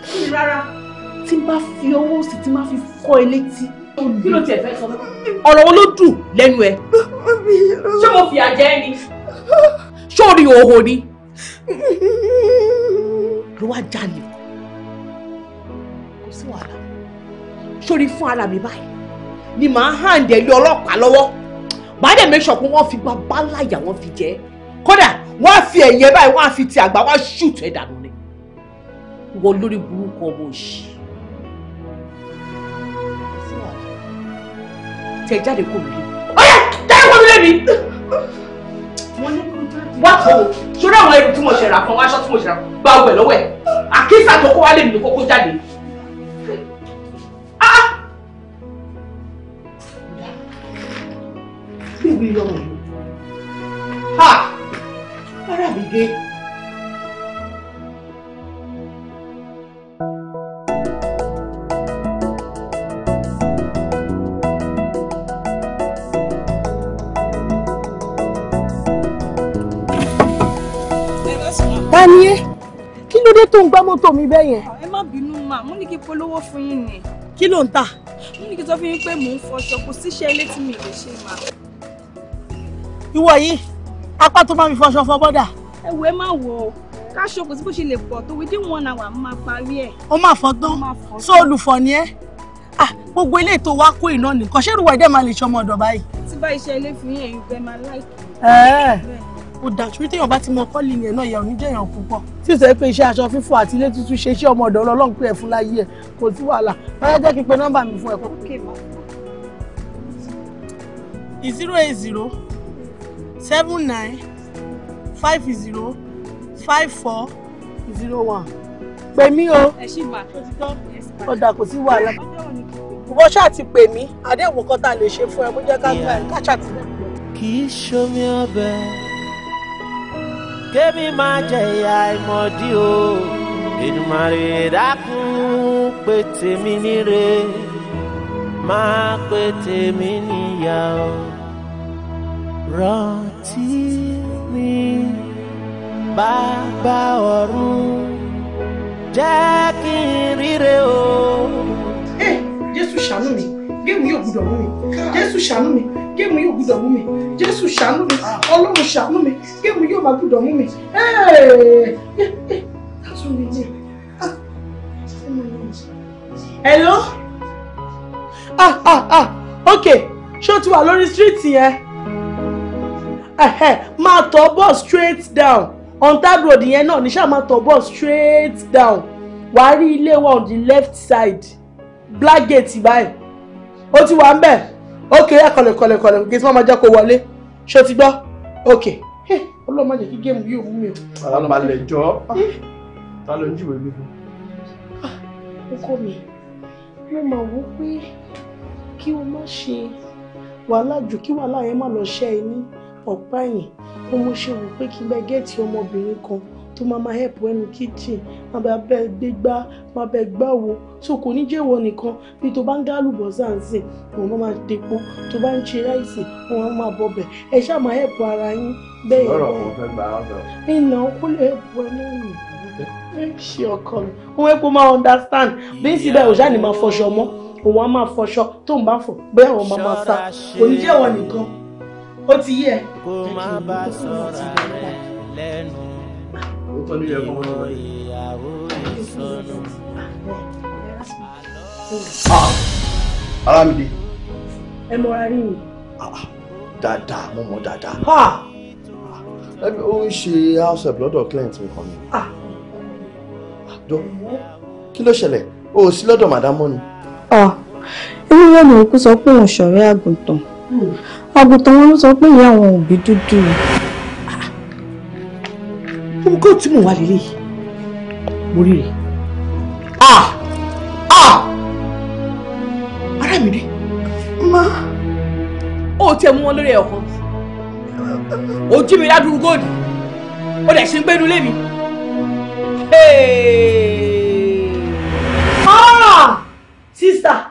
kí ni rárá tí n bá fi ọwọ́ òsì tí n bá fi fọ́ ẹ létí kí ló tiẹ̀ fẹ́ sọ ọ̀rọ̀ wo ló dùn lẹ́nu ẹ ṣé mo fìyà jẹ ẹ́ ni ṣé o rí òhò ni ló wá jalè. sórí fún ara mi báyìí ni màá hàǹdẹ̀ ilé ọlọ́pàá lọ́wọ́ màá dẹ̀ make sure pé wọ́n fi gba báláyà wọ́n fi jẹ́ kódà wọ́n á fi ẹ̀yìn ẹ̀ báyìí wọ́n á fi ti àgbà wọ́n á ṣùtù ẹ̀ dànù ni wọ́n lórí burúkú ọmọ òṣì. tẹ jáde kó mi lé ọyẹ jáde kó mi lé mi. wá kó o sórí àwọn ẹrù tí mo ṣe rà aṣọ tí mo ṣe rà fún gbà ẹ àkísà tó kó wálé mi ló kókó jáde. fìgbì yọmọ yìí ha ara mi dé. Tani ẹ́? E? Kí ló dé tó ń gbá mọ́tò mi bẹ́ẹ̀ yẹn? Ẹ má bínú màá, mo ní kí polówó fún yín ni. Kí ló ń tà? Mo ní kí sọ fún yín pé mò ń fọṣọ, kò síṣẹ́ ilé tí mi lè ṣe màá ìwọ yìí apá tó máa fi fọṣọ fọ bọ́dà. ẹ wo ẹ má wọ o káṣọ kò sí bó ṣe lè pọ̀ tó within one hour máa parí ẹ̀. ó máa fọgbọ́n sọ olùfọ̀ ni ẹ́ gbogbo ilé ètò wa kó iná nìkan ṣé ìrùwà ẹ̀dẹ̀ máa lè ṣọmọ ọ̀dọ̀ báyìí. tí bá iṣẹ́ ilé fi yín ẹ̀yin fẹ́ máa láìpẹ́. ó dàtú wípé èèyàn bá ti mọ kọ́ọ̀lì yẹn náà ìyàwó níjẹ́ èèyàn púpọ̀. tí o sọ pé iṣẹ́ aṣọ fífọ̀ àti ilé tuntun ṣe iṣẹ́ ọmọ ọ̀dọ̀ ọlọ́run pé ẹ̀ fún láyé ẹ̀ kò sí wàhálà báyá jẹ́ kí n pe nọ́mbà mi fún ẹ. zero eight zero seven nine five zero five four zero one pè mí o ó dà kò sí wàhálà wọ́n ṣáà pè mí àdéhùn kan tá a lè ṣe fún ẹ bó jẹ́ ká gbà ẹ ká ṣàtìlẹ́. kì í ṣomi ọbẹ̀ kémi máa jẹ ìyá ìmọ̀dí o Èdùmàrè dákun pé tèmi níre máa pé tèmi níyà rántí mi bàbá ọ̀run jẹ́ kí n ríre o. ẹ jésù ṣàánú mi géèmù yóò gbúdọ̀ mú mi jésù ṣàánú mi géèmù yóò gbúdọ̀ mú mi jésù ṣàánú mi ọlọ́run ṣàánú mi géèmù yóò máa gbúdọ̀ mú mi. ẹ ẹ ah, hello ah ah ah ok ṣé o ti wà lórí street yẹn máa tọ̀ bọ̀ straight down on that road yẹn náà ní ṣáà máa tọ̀ bọ̀ straight down wàá rí ilé wa on the left side black gate báyìí ó ti wà ń bẹ̀ ok ẹ kọlẹ̀ kọlẹ̀ kọlẹ̀ gate máa ma jẹ́ kó wọlé ṣé o ti gbọ́ ok ọlọ́run má jẹ́ kí géèmù yóò mú mi o. àlàbalẹ̀ jọ ah. ta ló ń jìwé mi fún. Ah, ọkọ mi mo mọ̀ wọ́n pé kí o má ṣe wàhálà jù kí wàhálà yẹn má lọ ṣẹ́ ẹ ní ọ̀pá yìí mo mo ṣe wò pé kí n bẹ gẹ́ẹ̀tì ọmọbìnrin kan tó máa máa help ẹnu kitchen máa bẹ abẹ gbégbá máa bẹ gbáwo so kò ní jẹ́wọ́ nìkan bí tó bá ń dálù bọ̀ sáǹsì òun máa depo tó bá ń ṣe ráìsì òun máa bọbẹ̀ ẹ ṣáà máa help ara yín bẹ́ẹ̀ yẹn lọ́rọ̀ kò fẹ́ gbà á sọ. ìnà kó lè help ẹ náà ẹ ṣe ọkọ mi òun ẹ kó máa understand bí ń sì bẹ́ẹ̀ òṣà máa fọṣọ mọ́ òun á máa fọṣọ tó ń bá fọ bẹ́ẹ̀ òun máa máa sá kò ní jẹ́wọ́ nìkan ó ti yẹ. kó má bá sọ̀rọ̀ rẹ̀ lẹ́nu ìwọ ìyàwó ìsọnù. Aramide. Ah. ẹ mọra rí mi. Ah, ah. dáadáa mo mọ dáadáa. ó ń ṣe house help lọ́dọ̀ client mi kan mi. kí ló ṣẹlẹ̀ o ò sí lọ́dọ̀ màdámọ́ ni. èmi rẹ̀ mi ò kú sọ pé òun ṣọ̀rẹ́ àgùntàn. Hmm àgùntàn wọn ló sọ pé ìyá àwọn òbí dúdú. nǹkan tí mò ń wá lélẹ̀ yìí mo rí rẹ̀ ara mi rí. má. ó tiẹ̀ mú wọn lórí ẹ̀ ọ̀kan ojú mi ládùúgbò góòdì ó dẹ̀ ṣe ń gbẹ́nu lé mi. Hey! Ah! Sister!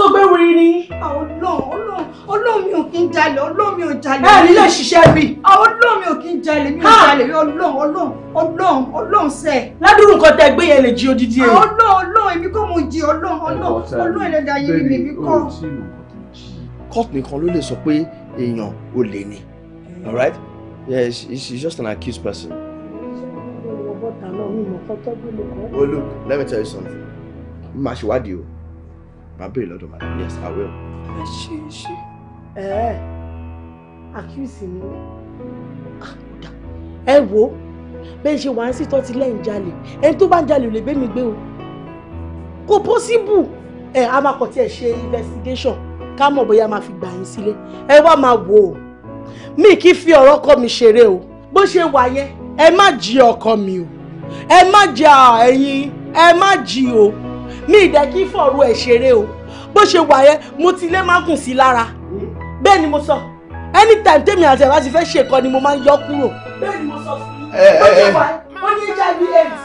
tó gbé wiri ni. Ọlọ́run Ọlọ́run Ọlọ́run mi ò kí ń jalè Ọlọ́run mi ò jalè. Ẹ nílé ṣiṣẹ́ bí. Ọlọ́run mi ò kí ń jalè mi ò jalè mi Ọlọ́run Ọlọ́run Ọlọ́run Ọlọ́run sẹ̀. Ládùúrù nǹkan tẹ gbé yẹn lè jí odidi ẹ̀. Ọlọ́run Ọlọ́run èmi kọ́ mo jí Ọlọ́run Ọlọ́run Ọlọ́run ẹlẹ́dàá yẹn mi èmi kọ́. Kọ́ọ̀tù nìkan ló lè sọ pé èèyàn ò lè ni. All right? Yeah, she's just an accused person. Oh look, let me tell you something. Màṣíwádìí o màá béèrè lọ́dọ̀ madam yes i will. ẹ ṣe é ṣe ẹ ẹ àkíyèsí ni ah, ẹ wo bẹ́ẹ̀ ṣe wàá sí tọ́tí lẹ́yìn jalè ẹni tó bá ń jalè ò lè bẹ́ẹ̀ mi gbé o kò pọ́síbù ẹ a máa kọ̀ tí ẹ ṣe investigation ká mọ̀ bóyá a máa fi gbà yín sílé ẹ wá máa wò ó mi kì í fi ọ̀rọ̀ ọkọ mi ṣeré o bó ṣe wà yẹn ẹ má jí ọkọ mi o ẹ má jà ẹ̀yin ẹ má jí o mi ìdẹ kí fọ̀rọ̀ ẹ̀ ṣeré o bó ṣe wà yẹn mo ti lé mágùn sí lára bẹ́ẹ̀ ni mo sọ anytime tèmi àti ẹ̀ bá ti fẹ́ ṣe kan ni mo máa ń yọ kúrò bẹ́ẹ̀ ni mo sọ fún mi eh, bó ṣe eh, eh. wà ó ní hiv aids.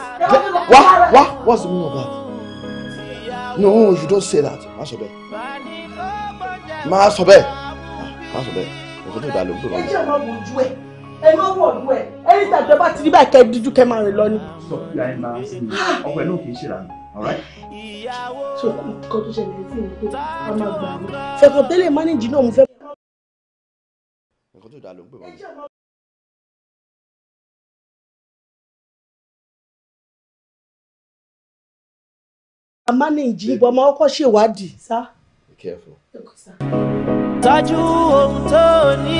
wá wá what's the meaning of that no you don't say that má sọ bẹ́ẹ̀ má sọ bẹ́ẹ̀ má sọ bẹ́ẹ̀ òkú tó dà lóhùn tó lọ. ẹ jẹ́ ọmọ ojú ẹ̀ ẹ máa wọ̀ ọ̀dọ̀ ẹ̀ ẹni tàbí ọba ti rí báyìí kẹ́ ẹ díjú kẹ́ máa rìn lọ ni. sọ fúlàní máa ń sin ọkọ ẹ náà kì í ṣe ìlànà so nǹkan tó ṣẹlẹ̀ sí mi pé máa gbà mí fẹ̀kọ̀ tẹ́lẹ̀ mánéjì náà mo fẹ́. nǹkan tó dáa ló ń pè wọ́n. a mánéjì ìbọn máa kọ́ ṣèwádìí sá. be ohun tó ní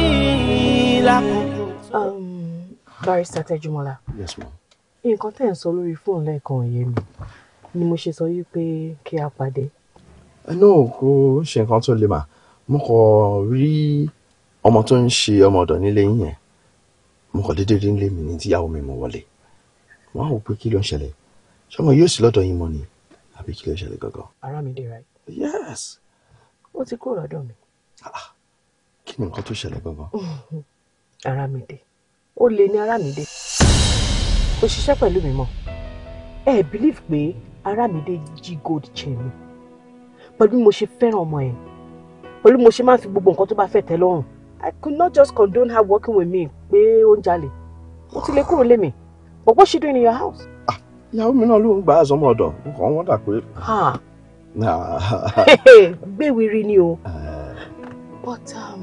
lákòókò. Um, barrister Tejumola. yes ma'am. nǹkan tẹ̀ ń sọ lórí fóònù lẹ́ẹ̀kan ò yé ni mo ṣe sọ yìí pé kí a pàdé. ẹnu kò ṣe nǹkan tó le mà mo kàn rí ọmọ tó ń ṣe ọmọ ọ̀dọ̀ nílé yín yẹn mo kàn déédéé rí nílé mi ní tíyàwó mi mo wọlé wọn á wò pé kí ló ń ṣẹlẹ̀ ṣọmọ yóò sí lọ́dọ̀ yín mọ́ ni àbí kí ló ń ṣẹlẹ̀ gangan. ara mi dé right. yes. ó ti kúrò lọ́dọ̀ mi. Ah, kí ni nǹkan tó ṣẹlẹ̀ gangan. [laughs] ara mi dé ó lè ní ara mi dé kò ṣiṣẹ́ pẹ̀lú mi mọ́ ẹ believe pé Arámidé jí gold jẹ mi pẹ̀lú bí mo ṣe fẹ́ràn ọmọ ẹ̀ pẹ̀lú bí mo ṣe máa fi gbogbo nǹkan tó bá fẹ́ tẹ́ lọ́rùn I could not just condone her working with me pé ó ń jalè mo ti lè kúrò lémi but what she doing in your house. Ah, ìyàwó mi náà ló ń gba àzọmọ ọ̀dọ̀ nǹkan wọn dà pé. Ah. Ah. [laughs] gbéwìrì ni o but um,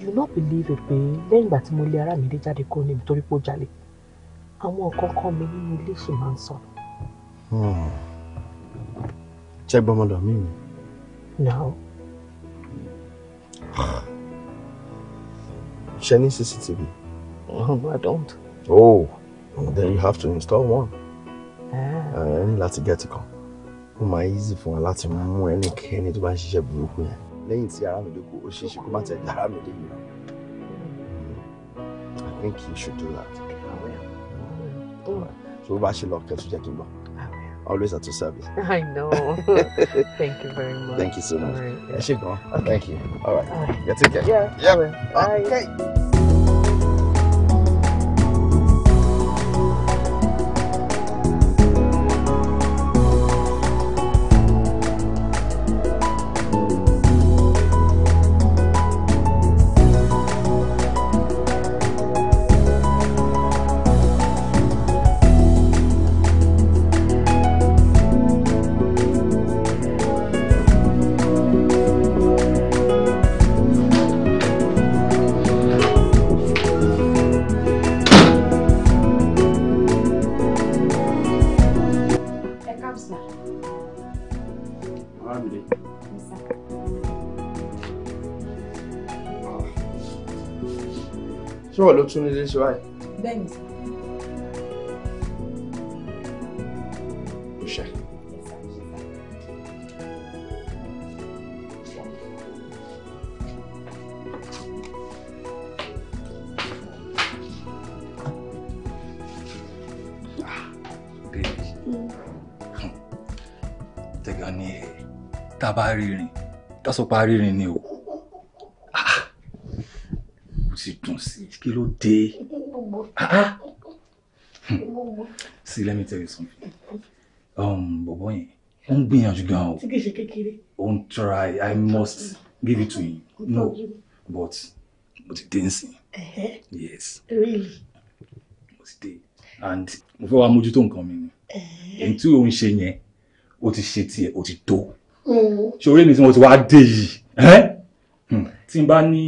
you no believe it pé lẹ́yìn ìgbà tí mo lé Arámidé jáde kúrò níbi torí pé ó jalè àwọn ọ̀kọ̀ọ̀kan mi nínú ilé ṣì máa ń sọ̀rọ̀ ṣe gbọmọdọ mi ni. no. ṣe [sighs] cctv. no i don't. oh then you have to install one. ẹ ah. eh, ní get it. Come. ó máa easy fún wa láti mú ẹnikẹ́ni tó bá ń ṣiṣẹ́ burúkú yẹn lẹ́yìn tí Aramide kú ó ṣeéṣe kó má tẹ̀ dá Aramide yìí lọ. Hmm. I think you should do that. Oh, yeah. Mm. All So bá actually lock kẹ́tù jẹ́ kí n always at your service. [laughs] I know. [laughs] Thank you very much. Thank you so much. All right, yeah. I should go. Okay. Thank you. All right. All right. Yeah, take care. Yeah. Yeah. Bye. Okay. Aramide. Ṣé wọ́n ló tún nílé ṣe báyìí? Bẹ́ẹ̀ni a bá rí rìn tásọpá rí rìn ni o mo ah, ti dùn sí kí ló dé ah, ah. see let me tell you something um, bọ̀bọ̀ yẹn ó ń gbìyànjú gan o ó ń try i must give it to him no but mo ti dé nsìn yes really mo ti dé and mo fẹ́ wá mójútó nǹkan mi ni èyí tí òun ṣe yẹn ó ti ṣe tiẹ̀ ó ti tó ṣòro mi tí mo ti wá dé yìí hmm. tí n bá ní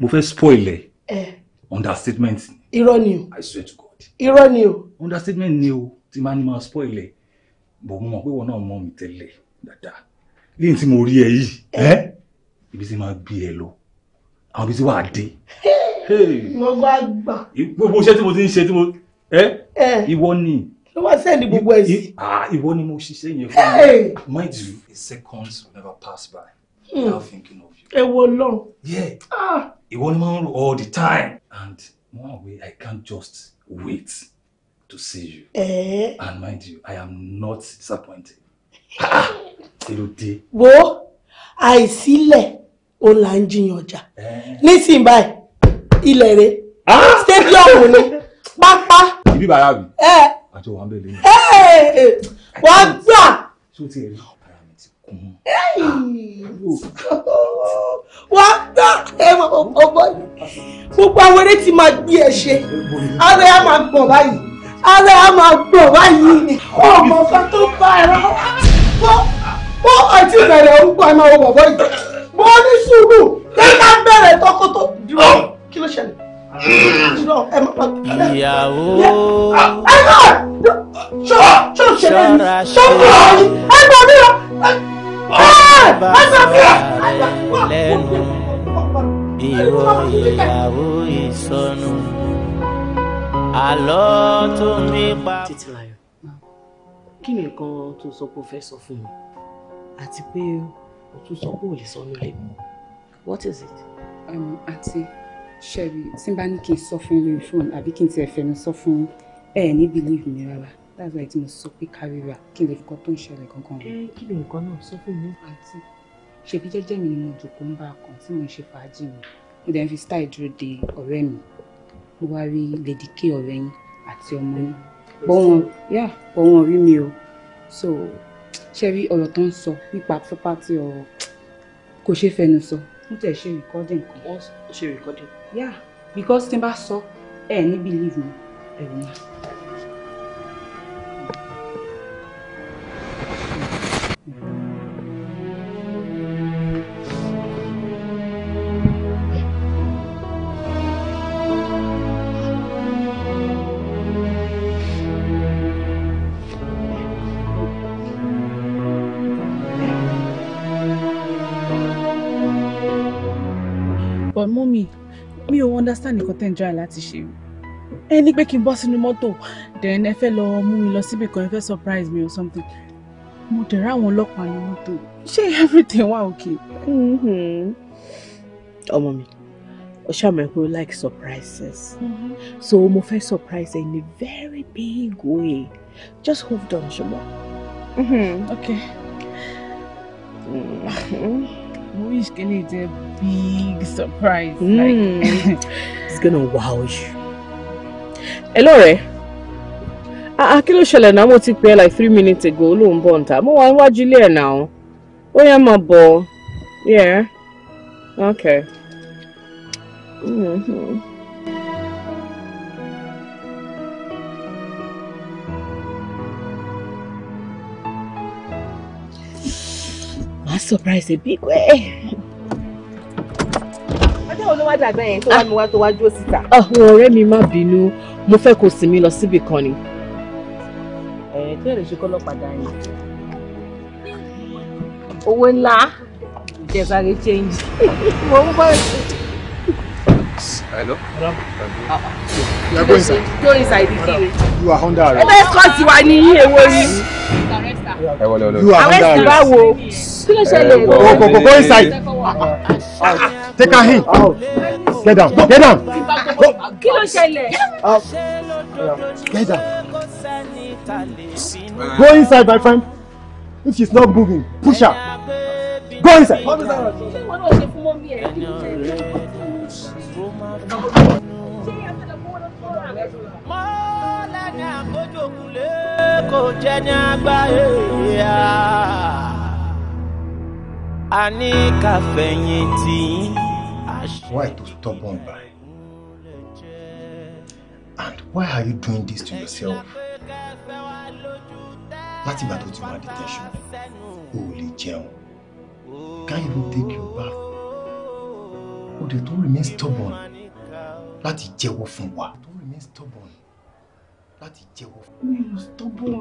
mo fẹ́ spoil ẹ̀ understatement. irọ́ ni o I swear to God. irọ́ ni o. understatement ni o tí n bá ní ma spoil ẹ̀ bò mo mọ̀ pé wọn náà mọ̀ mi tẹ́lẹ̀ dáadáa lẹ́yìn tí mo rí ẹ yìí ibi tí máa gbé ẹ lọ àwọn ibi tí wàá dé. ìwọ gbọ́ àgbà. gbogbo iṣẹ́ tí mo ti ń ṣe tí mo ìwọ ni ló wá sẹ́ni gbogbo ẹ̀ sí. Ah, ìwọ ni mo ṣiṣẹ́ yẹn fún mi mind you a second will never pass by hmm. without thinking of you. ẹ wo lọ. yeah ah! ìwọ ni máa ń ro all the time and one way I can't just wait to see you eh? and mind you I am not disappointed. [laughs] Ah! wo àìsílẹ̀ òun là ń jiyàn ọjà nísìnyí báyìí ilẹ̀ rẹ̀ stadium ni [laughs] pápá. ibi bàrà mi. ẹ àti wàá bẹ̀ lẹ́nu. wàá gbà. tó tiẹ̀ rí ara mi ti kún. wàá gbà ọgbọ́n gbogbo àwọn eré ti máa gbé ẹ ṣe ara ẹ máa gbọ̀n báyìí ara ẹ máa gbọ̀n báyìí ọmọ kan tó bá ẹ rárá bó àti ìbẹ̀rẹ̀ orúkọ ẹ máa wọ bọ̀bọ̀ yìí bó ní sùúrù ká bẹ̀rẹ̀ tọkọtọ kí ló ṣẹlẹ̀ ìyàwó ah! ṣọ́ra ṣe bàbá rẹ̀ lẹ́nu ìwọ ìyàwó ìsọnù àlọ́ tó mi pa. títílayọ̀ kí ni nǹkan tó sọ pé o fẹ́ sọ fún mi àti pé o tún sọ pé o lè sọ nílé mi what is it. Um, àti. Um, ṣebí tí n bá ní kí n sọ fún lórí fóònù àbí kí n tiẹ̀ fẹnu sọ fún ẹ ní believe mi rárá that's why tí mo sọ pé kárí rà kí n lè fi kọ́ tó ń ṣẹlẹ̀ gangan. ẹ kí ni nǹkan náà sọ fún mi. àǹtí ṣebí jẹ́jẹ́ mi ni mo jòkó ń bá a kàn tí mo ń ṣe fàájì mi mo dẹ̀ ń fi style dúró de ọ̀rẹ́ mi mo wá rí lady k ọ̀rẹ́ yín àti ọmọ yín bọ́ wọn yá bọ́ wọn rí mi o so ṣebí ọ̀rọ̀ tó ń sọ nípa property ọ̀rọ̀ kò ṣe fẹnu sọ mo tẹ̀ ṣe recording kan. wọ́n ṣe recording yeah because tí saw, bá sọ believe me ẹ̀rù but mommy mi ò understand nǹkan tẹ́ ń jọ́ láti ṣe ẹ ní pé kí n bọ́ sínú mọ́tò then ẹ fẹ́ lọ mú mi lọ síbi kan ẹ fẹ́ surprise me or something mo dẹ̀ ráwọn ọlọ́pàá ní mọ́tò ṣé everything wà okay. Mm-hmm. ọmọ mi o ṣáà mọ̀ pé o like surprises mm so mo fẹ́ surprise in a very big way just hold on ṣùgbọ́n. Mm-hmm. okay. mm mo wish Kenny is a big surprise. Mm. Like, [laughs] it's gonna wow you. Hello, eh? Ah, kí ló ṣẹlẹ̀ náà mo ti like three minutes ago Lo ń bọ̀ Mo wà níwájú ilé ẹ̀ náà. Ó yẹ máa Yeah. Okay. Mm-hmm. wàá surprise a big way. ọjọ́ wo ló wá dàgbẹ́ yẹn tó wá ah. mi wá tó wá dúró síta. Ah, ọ̀hún ọ̀rẹ́ mi má bínú mo fẹ́ kó sinmi lọ síbì kan ni. ẹ̀ẹ́n kí èrè ṣe kọ́ lọ́pàdà yẹn. owó ńlá ìjẹ̀sà change. [laughs] mo ń bọ̀ ẹ̀. Hello? Madam? Ah, you are going inside. Go inside the queue. You are under arrest. Ebe escort wa ni yin ewo ni. Ẹ wọlé wọlé. You are under arrest. Arrest báwo? Kí Go go go go inside. Take her in. Oh. Get down. Get down. Kí ló ṣẹlẹ̀? Oh. Get down. Go inside my friend. If she's not moving, push her. Go inside. Kí wọ́n mọ́lá ní kò jẹ́ ní agbáyé yá a ní káfẹ̀yìntì. Why to stubborn by? And why are you doing this to yourself? láti ìgbà tó ti wà detention o ò lè jẹun can't even take your bath o dey too remain stubborn láti jẹ́wọ́ fún wa. don't remain láti jẹ́wọ́ fún wa. mi ò stubborn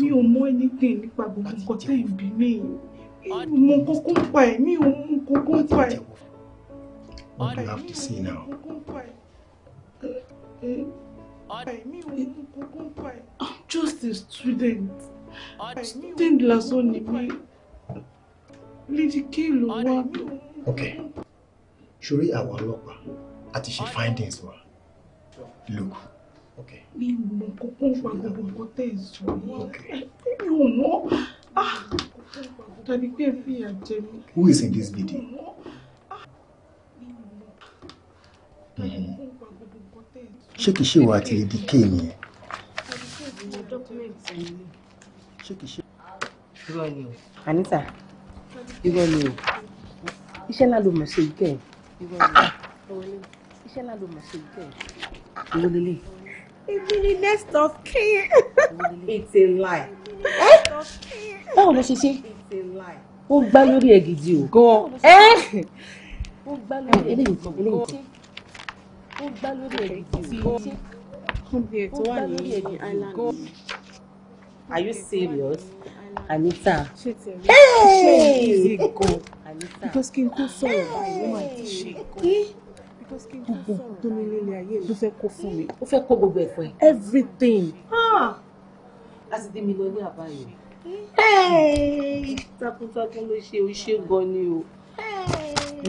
mi ò mọ anything nípa gbogbo nǹkan tẹ́ ẹ̀ mi mi ò mọ kókó ń pa ẹ̀ mi ò mọ kókó ń pa ẹ̀. what do you have to say now. I'm just a student. Student lásán ni mi. Lady K ló wá. Okay. Ṣorí àwa ọlọ́pàá a ti ṣe findings wa look. Okay. mi ò mọ kókó pa gbogbo nǹkan tẹ̀ ń sọ mi ò mọ ah! tàbí pé fìyà jẹ mi. who is in this meeting? Ah! ṣé kìí ṣe ìwà àti èdèké nìyẹn. ṣé kìí ṣe. irọ́ ni o Anita irọ́ ni o iṣẹ́ ńlá ló mọ̀ sí ìkẹyìn iṣẹ́ náà ló mọ̀ sí ìjọ owó lélẹ̀. èmi ni next of kin. it's a lie. Eh? báwo ló ṣe ṣe. ó gbá lórí ẹ gidi o. gan ẹ́. Eh? ó gbá lórí ẹ gidi o. ó gbá lórí ẹ gidi o. kúndé tó wà ní island. are you serious? Anita. ṣé tiẹ̀ ṣé ìyí gan. Anita. because kí n tó sọ̀rọ̀ báyìí ó máa ti ṣe gbogbo tó ní ilé ayé ló fẹ́ kó fún mi ó fẹ́ kó gbogbo ẹ̀fọ́ ẹ̀. everything. a ah. sì dé mi lọ ní àbáyọ. takuntakun ló ṣe o ṣe gan ni o.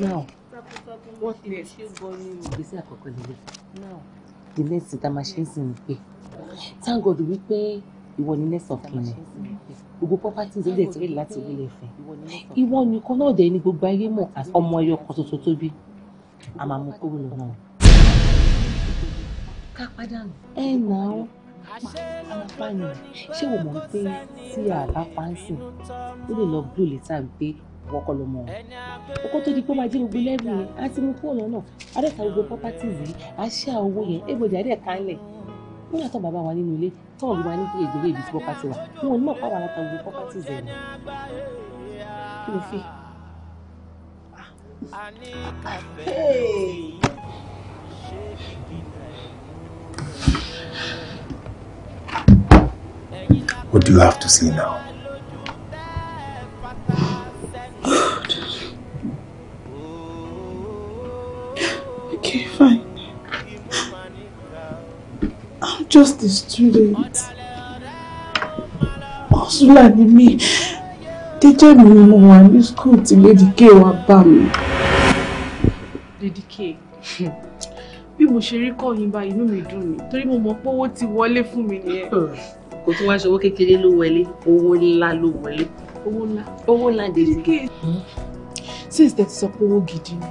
now what next. ìgbésí àkọ́kọ́ lè lè. the next tá a máa ṣe ń sìn ní pé thank God wípé ìwọ ni next of kin ni gbogbo properties ó dẹ̀ ti rí láti orílẹ̀ Ifẹ̀ ìwọ nìkan náà dẹ̀ ni gbogbo ayé mọ̀ ọmọ ẹyọ kan ṣoṣo tó a máa mú kúrò lọ́nà. ká pàdánù. ẹ nà ó alápàánù ṣé o mọ̀ pé tí a bá pàǹsì ó lè lọ bí olè tá a gbé wọ́kọ́ ló mọ̀ ọ́ kó tó di pé ó máa jẹ́ gbogbo lẹ́rù yẹn á ti mú kúrò lọ́nà adẹ́ta gbogbo properties yìí á ṣá owó yẹn egbòdì adẹ́ta ń lẹ̀ nígbà tó bàbá wa nínú ilé tó ọ̀gbìn wa ní ìgbèrè ibi tí property wà wọn ò ní mọ̀ pàwọn aláta gbogbo properties yẹn Hey. What do you have to say now? [sighs] Okay, fine. I'm just a student. Osula ni me. Tẹ́jẹ́ mi ni mo wà ní school tí Lady K wá bá mi. Lady K, bí mo ṣe rí kọ́ yín bá inú mi dùn mí torí mo mọ̀ pé owó ti wọlé fún mi nìyẹn. Kò tún wá ṣe owó kékeré ló wọlé, owó ńlá ló wọlé. Owó ńlá. Owó ńlá Lady K. Since tẹ ti sọ pé owó gidi ni,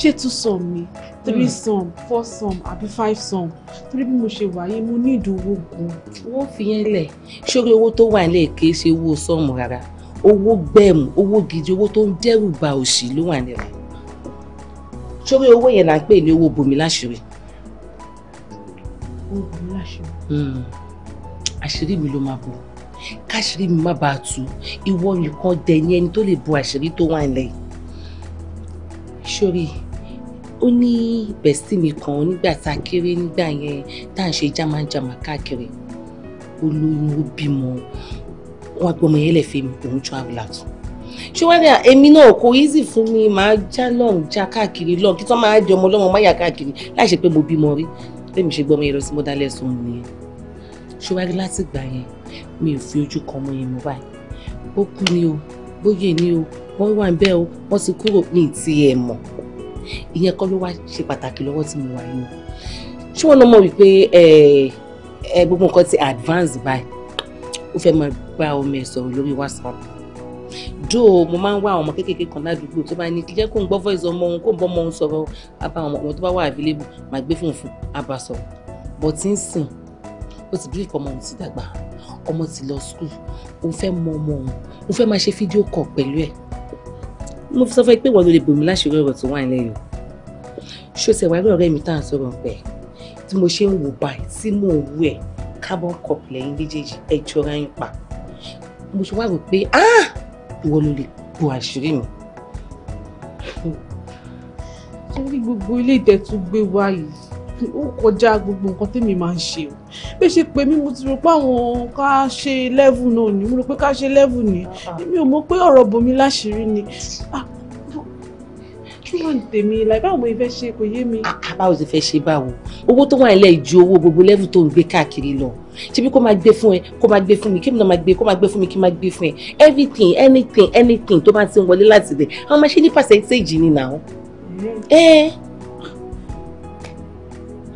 ṣé two sum ni, three hmm. sum, four sum àbí five sum? Torí bí mo ṣe wáyé, mo ní ìdòwò gan. Owó fi yẹn lẹ̀, ṣé orí owó tó wà lẹ́ẹ̀kẹ́ ṣe owó sọ́ọ̀mù rárá? owó gbẹ̀mù owó gidi owó tó ń dẹ́rù ba òṣì ló wà nílẹ̀ sórí owó yẹn là ń pè ní owó bomi láṣìírí. owó bomi láṣìírí. Hmm. àṣírí mi ló máa bò káṣírí mi má bàa tú ìwọ nìkan dẹ ní ẹni tó lè bo àṣírí tó wà nílẹ̀ sórí ó ní bẹ̀sí mi kan nígbà tá a kéré nígbà yẹn tá à ń ṣe jámájámá káàkiri olóyún ó bímọ wọ́n á gbọ́mọ yẹn lè fi mi òun travel out èmi náà kò easy fún mi máa já lọ́n já káàkiri lọ́n kí tó máa di ọmọ ọlọ́mọ máa yà káàkiri láì ṣe pé mo bímọ rí tẹ́mi ṣe gbọ́mọ yẹn lọ sí mọ́dálẹ̀ sùn nìyẹn ṣé wá rí láti gbà yẹn mi ò fi ojú kan ọmọ yẹn mọ́ báyìí ó kú ni o bóyè ni o wọ́n wà ń bẹ̀ o wọ́n ti kúrò ní ìtì ẹ̀ mọ̀ ìyẹn kọ́ ló wá ṣe pàtàkì lọ́wọ́ tí mo wà yìí ṣé wọ́n lọ mọ̀ wípé ẹ gbogbo nǹkan ti advance báyìí ó fẹ́ máa bá ọmọ ẹ̀ sọ̀rọ̀ lórí whatsapp do mo máa ń wá àwọn ọmọ kéékèèké kan ládùúgbò tó bá ní jẹ́ kó ń gbọ́ voice ọmọ òun kó ń bọ́ ọmọ òun sọ̀rọ̀ abá àwọn ọmọ tó bá wà available máa gbé fún fún abá sọ̀rọ̀ but ń sìn ó ti bí ìkọ́ ọmọ òun ti dàgbà ọmọ ti lọ school òun fẹ́ mọ ọmọ òun òun fẹ́ máa ṣe fídíò kọ̀ pẹ̀lú ẹ̀ mo sọ fún ẹ pé wọn ló lè bòmí láṣìírí ọ̀rọ̀ tó wà nílẹ̀ yìí ṣó ṣe wáyé ọ̀rẹ́ mi tá à ń sọ̀rọ̀ pẹ̀ tí mo ṣe ń wò báyìí tí mò ń wú ẹ̀ carbon cup lẹ́yìn méjèèjì ẹ jọra yín pa mo ṣe wá rò pé ah! ìwọ ló lè bo àṣírí mi. torí gbogbo ilé ìdẹ̀tún gbé wá yìí ó kọjá gbogbo nǹkan tèmi máa ń ṣe o bí ṣe pé mi mo ti rò pé àwọn ká ṣe level náà ni mo rò pé ká ṣe level ni èmi ah. ò mọ̀ pé ọ̀rọ̀ bòmí láṣìírí ni ah! túmọ̀ tèmi like báwo ni fẹ́ ṣe kò yé mi. Ah, ah, báwo ti fẹ́ ṣe báwo owó tó wà nílẹ̀ ìju owó gbogbo level tó ń gbé káàkiri lọ ṣebí kó máa gbé fún ẹ kó máa gbé fún mi kí mi náà máa gbé kó máa gbé fún mi kí n máa gbé fún ẹ everything anything anything tó bá ti ń wọlé láti ibẹ̀ àwọn máa ṣe ní percentage ni nà ó. Eh?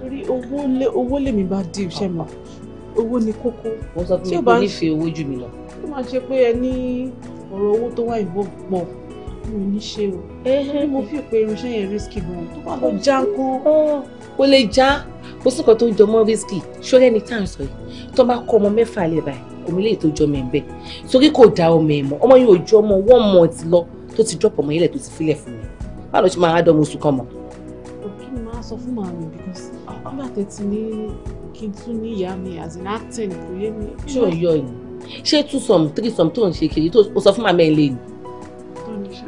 torí owó lé owó lèmi bá dé iṣẹ́ mi owó ni kókó. wọ́n sọ fún mi kó nífẹ̀ẹ́ owó jù mí lọ. ó máa ṣe pé ẹ ní ọ̀rọ̀ owó tó wà ìwọ́ pọ̀ mi ò ní ṣe mo fi pé irunṣẹ́ yẹn risky gan tó já nǹkan. o lè já kó sì kan tó ń jọ mọ́ risky ṣọ́rẹ́ ni tá à ń sọ yìí tó bá kọ́ ọmọ mẹ́fà lè báyìí kò mí lè tó jọ mẹ́ bẹ́ẹ̀ torí kò da ọmọ ẹ̀ mọ́ ọmọ yìí ò ju ọmọ one month lọ tó ti drop ọmọ ilẹ̀ tó ti filẹ̀ fún mi báwo ló ṣe máa dán oṣù kan mọ́. òkè máa sọ fún màá mi because nígbà tó ti ní kí n tún ní ìyá mi as in acting kò yé mi. ṣé ò yọ yìí ṣé two some three some tó ń ṣe kiri tó o sọ fún màmá ẹ lé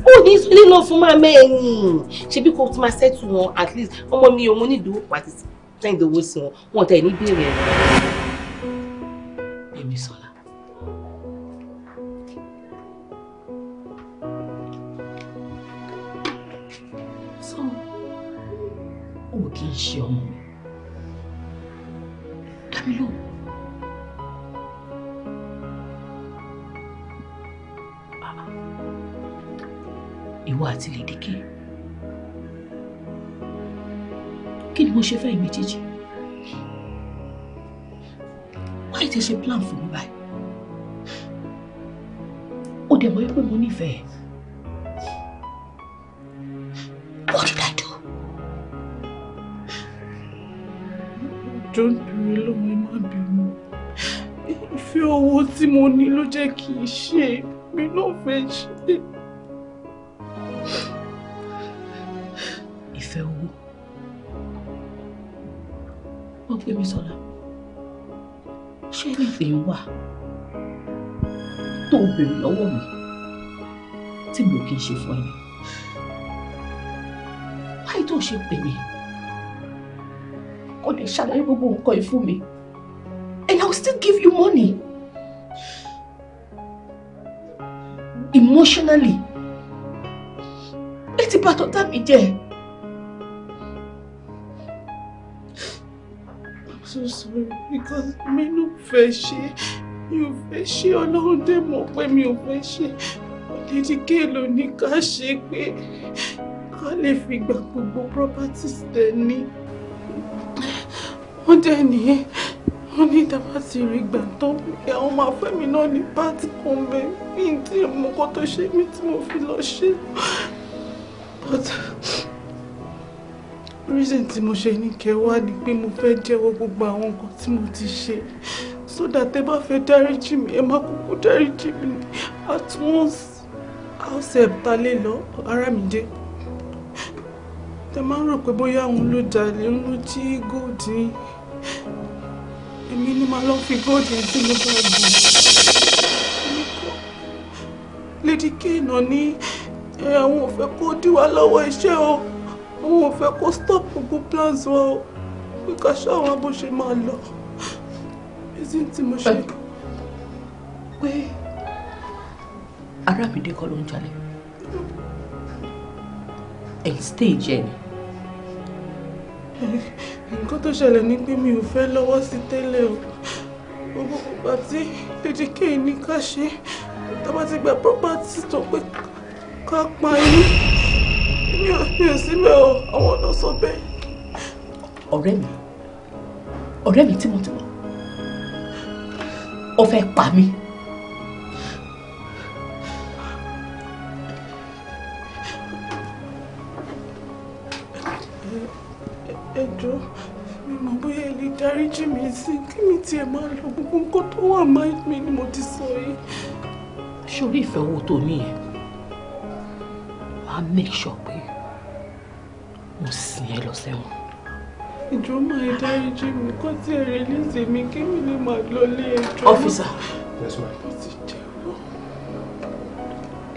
ó ní ilé náà fún máa mẹ́rin ṣebí kò tún máa ṣẹ́tù wọn at least ọmọ mi òun ní ìdúró pàtì sẹ́yìn owó sí wọn wọn tẹ̀ ní bèrè ẹ̀ bèbí sọlá. sọ́n òun kì í ṣe ọmọ mi dábìlóhùn. ìwọ àti lèdèkè kí ni mo ṣe fẹ́ méjèèjì Why tẹ ṣe plan fún mi báyìí ó dẹ̀ mọ̀ wípé mo nífẹ̀ẹ́ what did I do? don't be lọ́mọ ẹ má bínú ìfẹ́ owó tí mo ní ló jẹ́ kí n ṣe mi náà fẹ́ ṣe ìfẹ́ owó wọ́n gbé mi sọ́la ṣé anything wà tó bèrè lọ́wọ́ mi tí mi ò kí n ṣe fún ẹni wáyé tó ṣe pè mí kò lè ṣàlàyé gbogbo nǹkan yìí fún mi and I will still give you money emotionally ti bà tọ́tà mi jẹ́. I'm so sorry because mi ló fẹ́ ṣe mi ò fẹ́ ṣe ọlọ́run dé mọ̀ pé mi ò fẹ́ ṣe òdìdíkè ló ní ká ṣe pé ká lè fi gba gbogbo properties tẹ̀ ní. Wọ́n dẹ̀ ní wọ́n ní dábàá ti rí gbàǹtọ́ pé àwọn ọmọ afẹ́mi náà ní pátì kan bẹ́ẹ̀ mí tí mo kọ́ tó ṣe mí tí mo fi lọ ṣe lọ but reason tí mo ṣe ní kẹ́ wá ni pé mo fẹ́ jẹ́wọ́ gbogbo àwọn nǹkan tí mo ti ṣe so that ẹ bá fẹ́ dáríjì mi ẹ má kúkú dáríjì mi at once house help ta lè lọ ara mi jẹ́ tẹ máa ń rò pé bóyá òun ló jalè òun ló jí góòdì èmi ni màá lọ fi góòdì tí mo bá gbìn. lady kane no ní ẹ àwọn ò fẹ́ kó dí wa lọ́wọ́ iṣẹ́ o àwọn ò fẹ́ kó stop gbogbo plans wa o pé ká ṣọ́ àwọn bó ṣe máa lọ èsì tí mo ṣe. pé arábìnrin kọ́ ló ń jalè ẹ̀ stage ẹ̀ ni. nǹkan tó ṣẹlẹ̀ ni pé mi ò fẹ́ lọ́wọ́ sí tẹ́lẹ̀ o gbogbo pàtí lè jẹ́ kéèyàn ní ká ṣe tó bá ti gba property tó pé ká pa yín mi ò mi ò síbẹ̀ o àwọn ọ̀nà sọ bẹ́ẹ̀. ọ̀rẹ́ mi ọ̀rẹ́ mi tímọ́tímọ́ ó fẹ́ pa mí. ẹjọ́ mi mọ̀ bóyá ilé dáríjì mi sí kí mi tiẹ̀ máa lọ gbogbo nǹkan tó wà máa mi ni mo ti sọ yìí. ṣé ìfẹ́ owó tó ní yẹn máa make sure pé mo sìn ẹ lọ sẹ́wọ̀n. ìjọ máa ẹ dáríjì mi kó tí ẹ release mi kí mi lè máa lọ lé ẹjọ́. ọ́fíìsà ó ti jẹ́wọ́.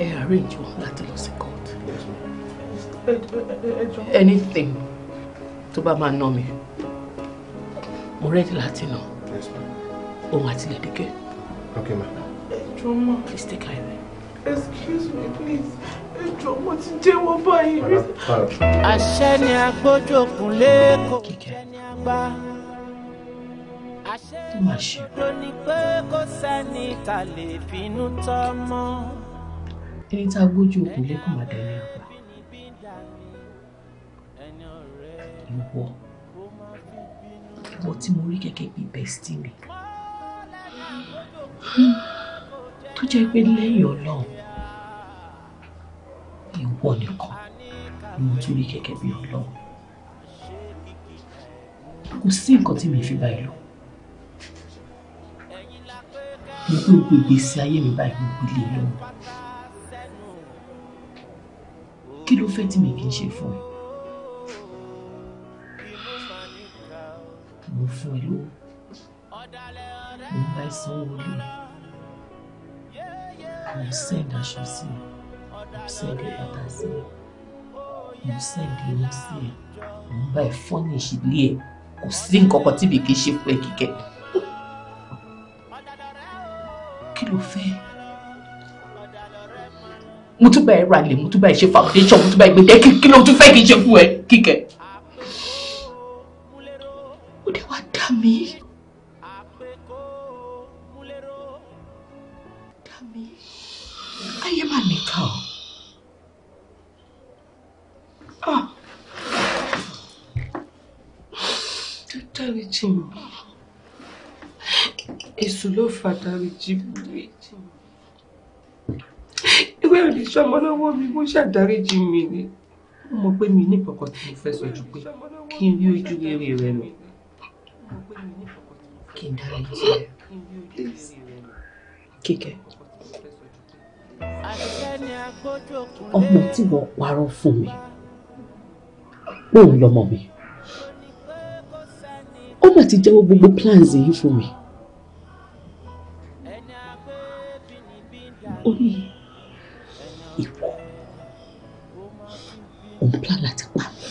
ẹ arrange wọn láti lọ sí court. anything tó bá máa ná mi mo ready láti ná òun àti lẹ́díkẹ́. okay ma. ẹ jọ mọ. please take care. excuse me please ẹjọ́ mo ti jẹ́wọ́ báyìí rí. àṣẹ ni agbójókun lẹ́kọ̀ọ́ kíkẹ́ ni a gbá. àṣẹ ni agbójó ni pé kò sẹ́ni ta lè bínú tọ́ mọ́. ẹni tá a gbójú òkun lẹ́kọ̀ọ́ máa dẹ̀ ní àgbà. ìwọ ìwọ tí mo rí gẹ́gẹ́ bíi bestie mi hmm. tó jẹ́ pé lẹ́yìn ọlọ́run kí n wọ̀ nìkan ni mo tún rí gẹ́gẹ́ bí ọlọ́run kò sí nǹkan tí mi fi bá ẹ lò mo gbé gbogbo ìgbésí ayé mi báyìí gbogbo ilé lọ́wọ́ kí ló fẹ́ tí mi kì í ṣe fún ẹ mo fún ẹ lówó mo bá ẹ sanwó lónìí mo send aṣọ sí ẹ sẹ́ẹ̀dì bàtà sí ẹ mo sẹ́ẹ̀dì irun sí ẹ mo bá ẹ fọ́nìṣì lé ẹ kò sí nǹkan kan tí mi kì í ṣe fún ẹ kíkẹ́ kí ló fẹ́ mo tún bá ẹ ralẹ̀ mo tún bá ẹ ṣe foundation mo tún bá ẹ gbẹdẹ kí ló tún fẹ́ kí n ṣe fún ẹ kíkẹ́ ó dé wá dá mi. jésù ló fàdáríjì mi ìwé òní sọmọ lọ́wọ́ mi mo ṣàdáríjì mi ni mo mọ̀ pé mi ní kọ̀kọ̀ tí mo fẹ́ sọ ju pé kí n rí ojú rere rẹ mi kí n dáríjì rẹ kíkẹ́ ọmọ tí wọ́n parọ́ fún mi òun lọmọ mi ó mà ti jẹ́wọ́ gbogbo plans yìí fún mi. ní ìwọ òun plan láti pa mí.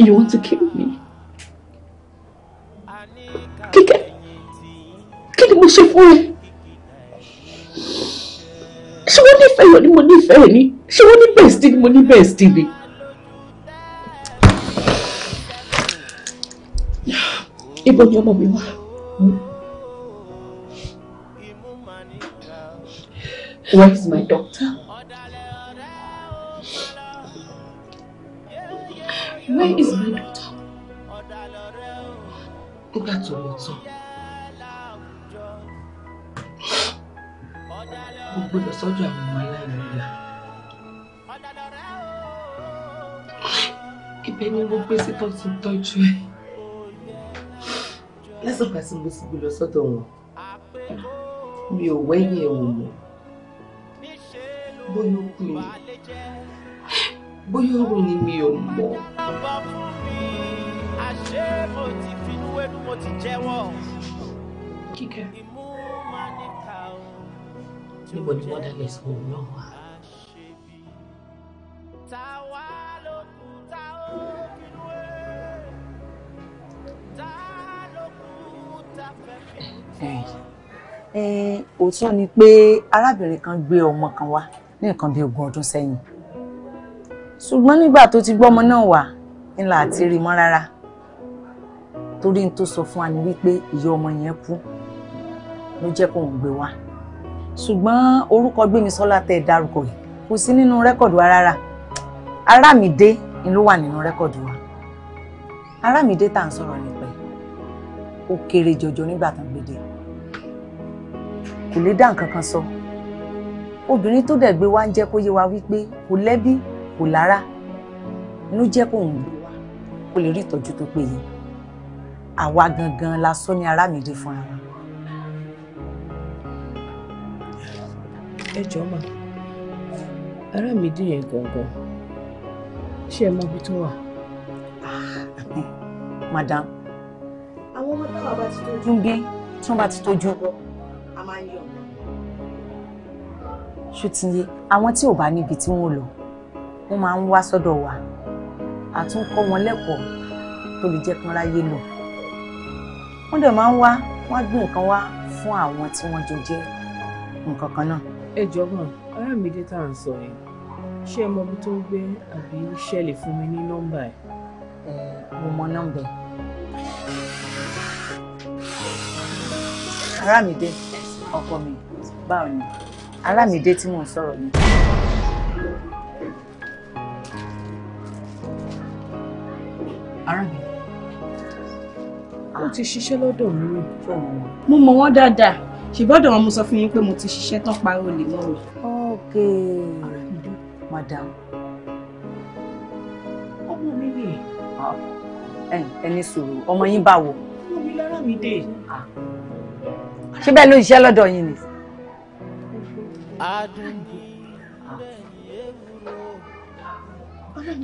ẹ you want to kill me? kíkẹ́ kí ni mo ṣe fún ẹ? ṣé wọ́n nífẹ̀ẹ́ yọ ni mo nífẹ̀ẹ́ ni ṣé wọ́n ní bẹ́ẹ̀ sí ni mo ní bẹ́ẹ̀ sí ni. ibo ọmọ mi wà. Where is my doctor? Where is my daughter? Nígbà tó lọ tán. Mo gbọ́dọ̀ sọ́jọ́ àwọn ọmọ aláìní ìyá. Ibẹ̀ ni mo gbé sí tó ti tọ́jú ẹ̀ látìgbà tí mo ti gbé lọ sọ́dọ̀ wọn mi ò wẹ́yìn ẹ̀ wò mọ́ bóyá ó kú ni bóyá ó ni mi ò mọ̀. kíkẹ́ níbo ni wọ́n sọ̀rọ̀ náà wá. òótọ́ ni pé arábìnrin kan gbé ọmọ kan wá ní nǹkan bíi ogún ọdún sẹ́yìn ṣùgbọ́n nígbà tó ti gbọ́mọ náà wá ńlá àti rí mọ́ rárá torí n tó sọ fún wa ni wípé ìyá ọmọ yẹn kú ló jẹ́ kóun gbé wá ṣùgbọ́n orúkọ Gbémisọ́lá tẹ́ ẹ dárúkọ yìí kò sí nínú rẹ́kọ̀dù wa rárá Àràmídé ni ló wà nínú rẹ́kọ̀dù wa Àràmídé tá à ń sọ̀rọ̀ nípa ẹ̀ ó kéré jọjọ nígbà tó ń gbé dé kò lè dá nǹkan kan sọ obìnrin tó dẹ̀ gbé wá ń jẹ́ kó yé wa wípé kò lẹ́bí kò lára inú jẹ́ kó òun gbé wá kó lè rí ìtọ́jú tó péye àwa gangan la sọ ní Àràmídé fúnra wa. ẹ jọ̀ọ́ mà Àràmídé yẹn gangan ṣé ẹ mọ ibi tó wà. Ah, madam àwọn ọmọ táwa bá ti tójú ń gbé tí wọ́n bá ti tójú bọ́ a máa ń yọ. ṣùtìyẹ àwọn tí ò bá níbi tí wọ́n lọ wọ́n máa ń wá sọ́dọ̀ wa a tún kọ́ wọn lẹ́kọ̀ọ́ tó lè jẹ́ kí wọ́n ráyè lọ wọ́n dẹ̀ máa ń wá wọ́n á gbé nǹkan wá fún àwọn tí wọ́n jọ jẹ́ nǹkan kan náà. ẹ jọ̀gbọ́n ará mi dé tá à ń sọ yẹn ṣé ẹ mọ ibi tó ń gbé àbí ṣe lè fún mi ní nọ́mbà ẹ. mo mọ nọ́mbà ẹ. Àràmídé ọkọ mi báwo ni alámìdé tí mò ń sọ̀rọ̀ ni. arábìnrin mo ti ṣiṣẹ́ lọ́dọ̀ mi rí fún wọn. mo mọ̀ wọ́n dáadáa ṣèbọ́dọ̀ wọn mo sọ fún yín pé mo ti ṣiṣẹ́ tán parí olè mọ́ mi. ok madam ọmọ mi rè é. ẹni sọ̀rọ̀ ọmọ yín báwo. ọmọ mi lára mi dé. Ah ṣé bẹ́ẹ̀ ló ń ṣiṣẹ́ lọ́dọ̀ yín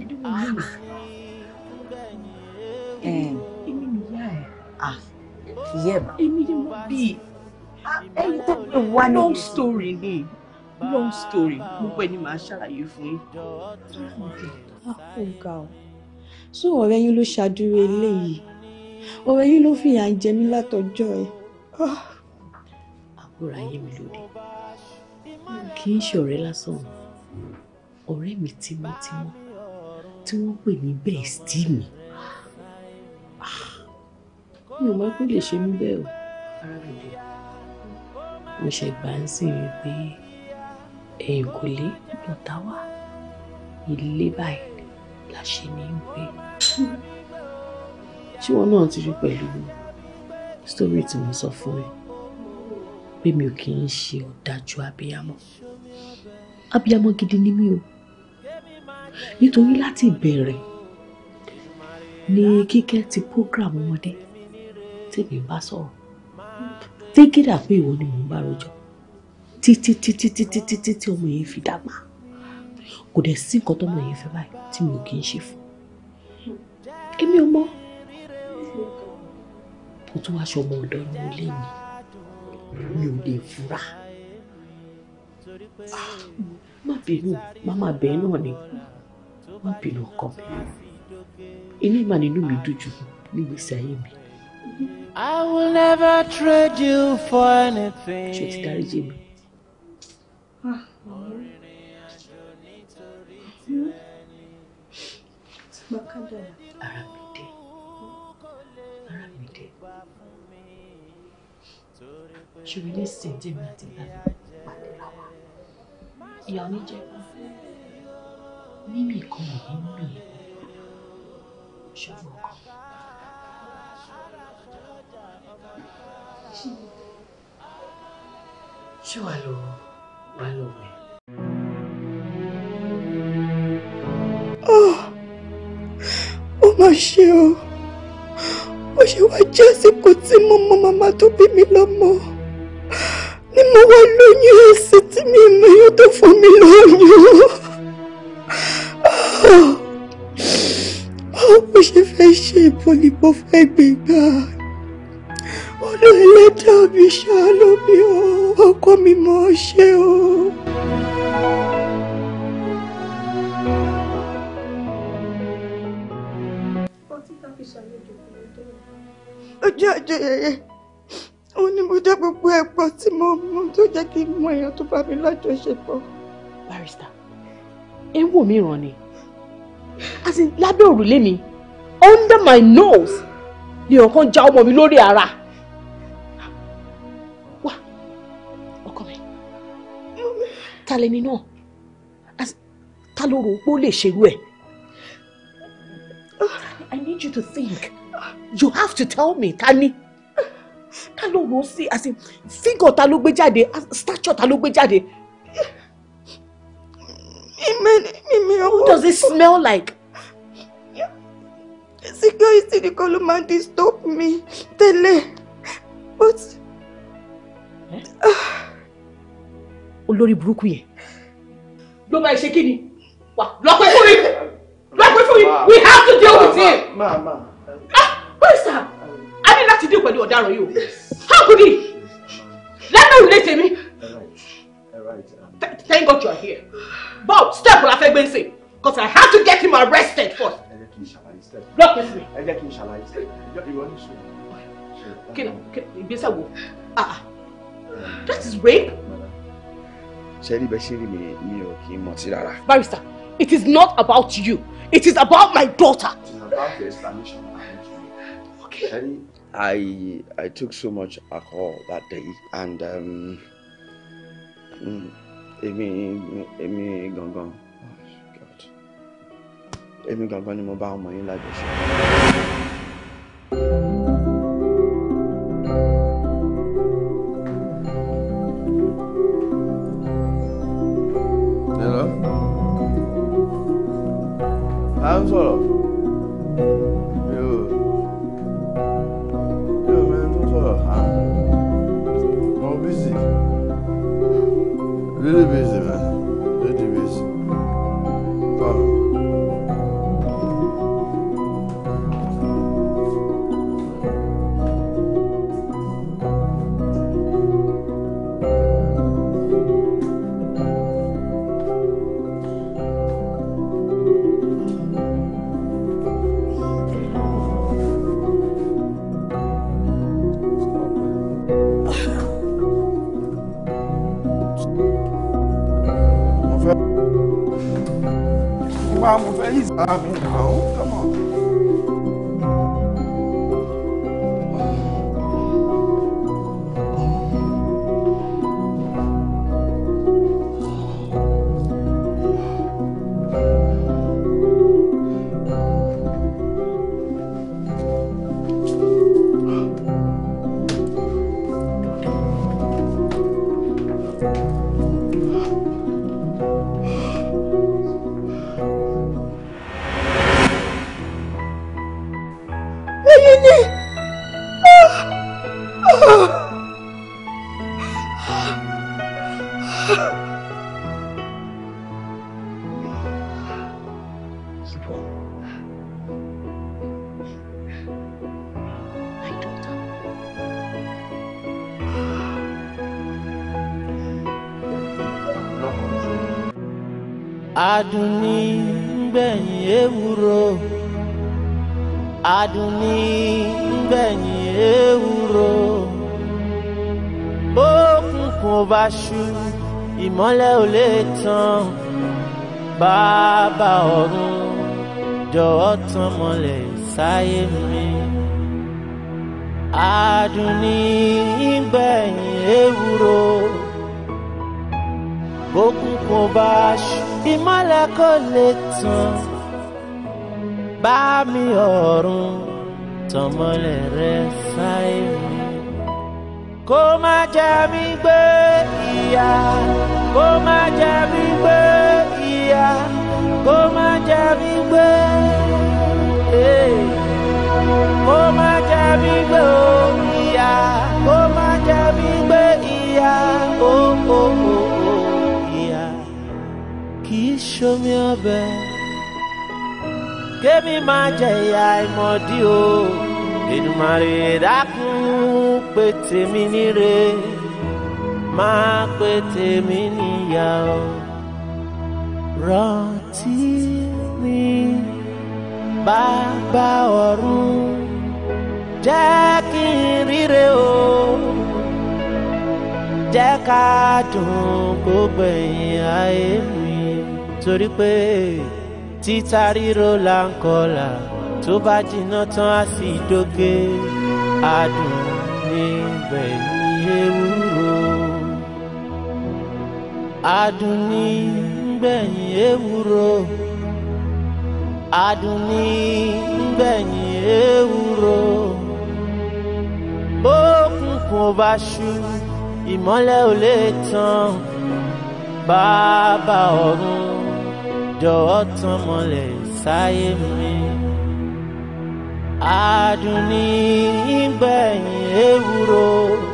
ni. èmi nìyá ẹ̀. ìyá ẹ̀ bá. èmi ni mo bí ẹni tó pè wá ní. long story ni long story gbogbo ẹni màá ṣàlàyé fún yín. ó ga ọ sọ ọ̀rẹ́ yín ló ṣàdúró eléyìí ọ̀rẹ́ yín ló fìyà ń jẹ mí látọjọ́ ẹ. Ah gbọ́ra yé mi lórí kì í ṣe ọ̀rẹ́ lásán ọ̀rẹ́ mi tímọ́tímọ́ tí wọ́n pè ní bẹ́ẹ̀sì mi ah, mi ò mọ̀ pé lè ṣe mí bẹ́ẹ̀ o arábìnrin mo ṣe gbà ń sìn rí pé ẹ̀yìn kò lé lọ́tà wá ilé báyìí la ṣe ní í gbé ṣé wọn náà ti rí pẹ̀lú sítórì tí mo sọ fún ẹ pé mi ò kì í ṣe ọ̀dájú abiyamọ abiyamọ gidi ni mí o nítorí láti ìbẹ̀rẹ̀ ni kíkẹ́ ti program ọmọdé tèmi bá sọ̀rọ̀ dígídà pé ìwọ ni mò ń bá rojọ́ títí títí títí títí tí ọmọ yìí fi dàgbà kò dẹ̀ sí nǹkan tọ́mọ yìí fẹ́ báyìí tí mi ò kì í ṣe fún èmi ò mo tún wá aṣọ ọmọ ọ̀dọ́ ní ilé mi mi fura ah, má bínú màmá bẹ́ẹ̀ náà ni má bínú ọkọ mi ilé ìmọ̀ nínú mi dùn jù nígbèsè mi. I will never trade you for anything. ṣe ti dáríjì mi. Ah, ara mi. ṣòro ilé ìsìn tèmi àti ìlànà pàdéra wa ìyá oníjẹba mímì kan ò ní mí ṣòro ọkàn. ṣé wàá lọ wàá lọ wẹ̀. Ah! ó mà ṣe o ó ṣe wá jẹ́ àsìkò tí mo mọ màmá tó bí mi lọ́mọ ni mo wá lóyún èsì tí mi mọ yóò tó fún mi lóyún. báwo ṣe fẹ́ ṣe ìbọnìbọ fẹ́ gbégbá olóòlẹ́dàá mi ṣàánú mi o ọkọ mi mọ̀ ọ́ ṣe o. ọjọ́ ọjọ́ yẹyẹ ó ní mo dá gbogbo ẹ̀pọ̀ tí mo mú tó jẹ́ kí n mọ èèyàn tó bá mi lájọṣepọ̀. barrister ẹ ń wò mí ràn ni as in lábẹ́ òrùlé mi under my nose ni ọ̀kan já ọmọ mi lórí ara. wá ọkọ mi ta lẹni náà ta ló rò pé ó lè ṣerú ẹ. I need you to think. You have to tell me, Tani ló wò ó sí àti fígọ̀ ta ló gbé jáde stature ta ló gbé jáde. What does it smell like? Security nìkan ló máa disturb mi tẹ́lẹ̀ but. Olórí burúkú yẹn. Ló máa ṣe kí ni? Wà lọ́pẹ́ fún mi! Lọ́pẹ́ fún mi! We have to deal with him! Ma ma. Ah! Where is that? A ní láti dín pẹ̀lú ọ̀daràn yìí o. How could he? Let me relate to me. Alright, right. thank God you are here. But step will affect Benson. Because I have to get him arrested first. Block me. Ẹ jẹ́ kí n ṣàlàyé step. Ah, ah. Um, that is rape. Ṣé rí Barrister, it is not about you. It is about my daughter. It is about the explanation Okay. I I took so much alcohol that day and um, mm, èmi èmi gangan oh, èmi gangan ni mo bá ọmọ yín lájọṣe. Öyle bir bàbá ọ̀run jọ̀wọ́ tàn mọ́lẹ̀ sáyé mi. Adùn ní ìgbẹ̀yìn ewúro bókun kò bá ṣú ìmọ́lẹ̀ kò lè tàn bá mi ọ̀run tàn mọ́lẹ̀ rẹ sáyé mi kó má jẹ́ mi gbé ìyà kó má jẹ́ mi gbé ìyá kó má jẹ mí gbé kó má jẹ mí gbé o ìyá kó má jẹ mí gbé ìyá o o o o ìyá kì í ṣomi ọbẹ̀ kémi má jẹ ìyá ìmọ̀dí o Èdùmàrè dákun pé tèmi níre máa pé tèmi níyà rántí mi bàbá ọ̀run jẹ́ kí n ríre o jẹ́ ká dùn gbogbo ẹ̀yìn ayé mi torí pé títa ríro là ń kọlà tó bá jiná tán á sì dóge adùn níbẹ̀ ní ewúro adùn ní nígbẹ̀yìn ewúro adùn ní nígbẹ̀yìn ewúro bókùnkùn ò bá ṣú ìmọ́lẹ̀ ò lè tàn bàbá ọ̀run jọ̀wọ́ tàn mọ́lẹ̀ sáyé mi adùn ní nígbẹ̀yìn ewúro.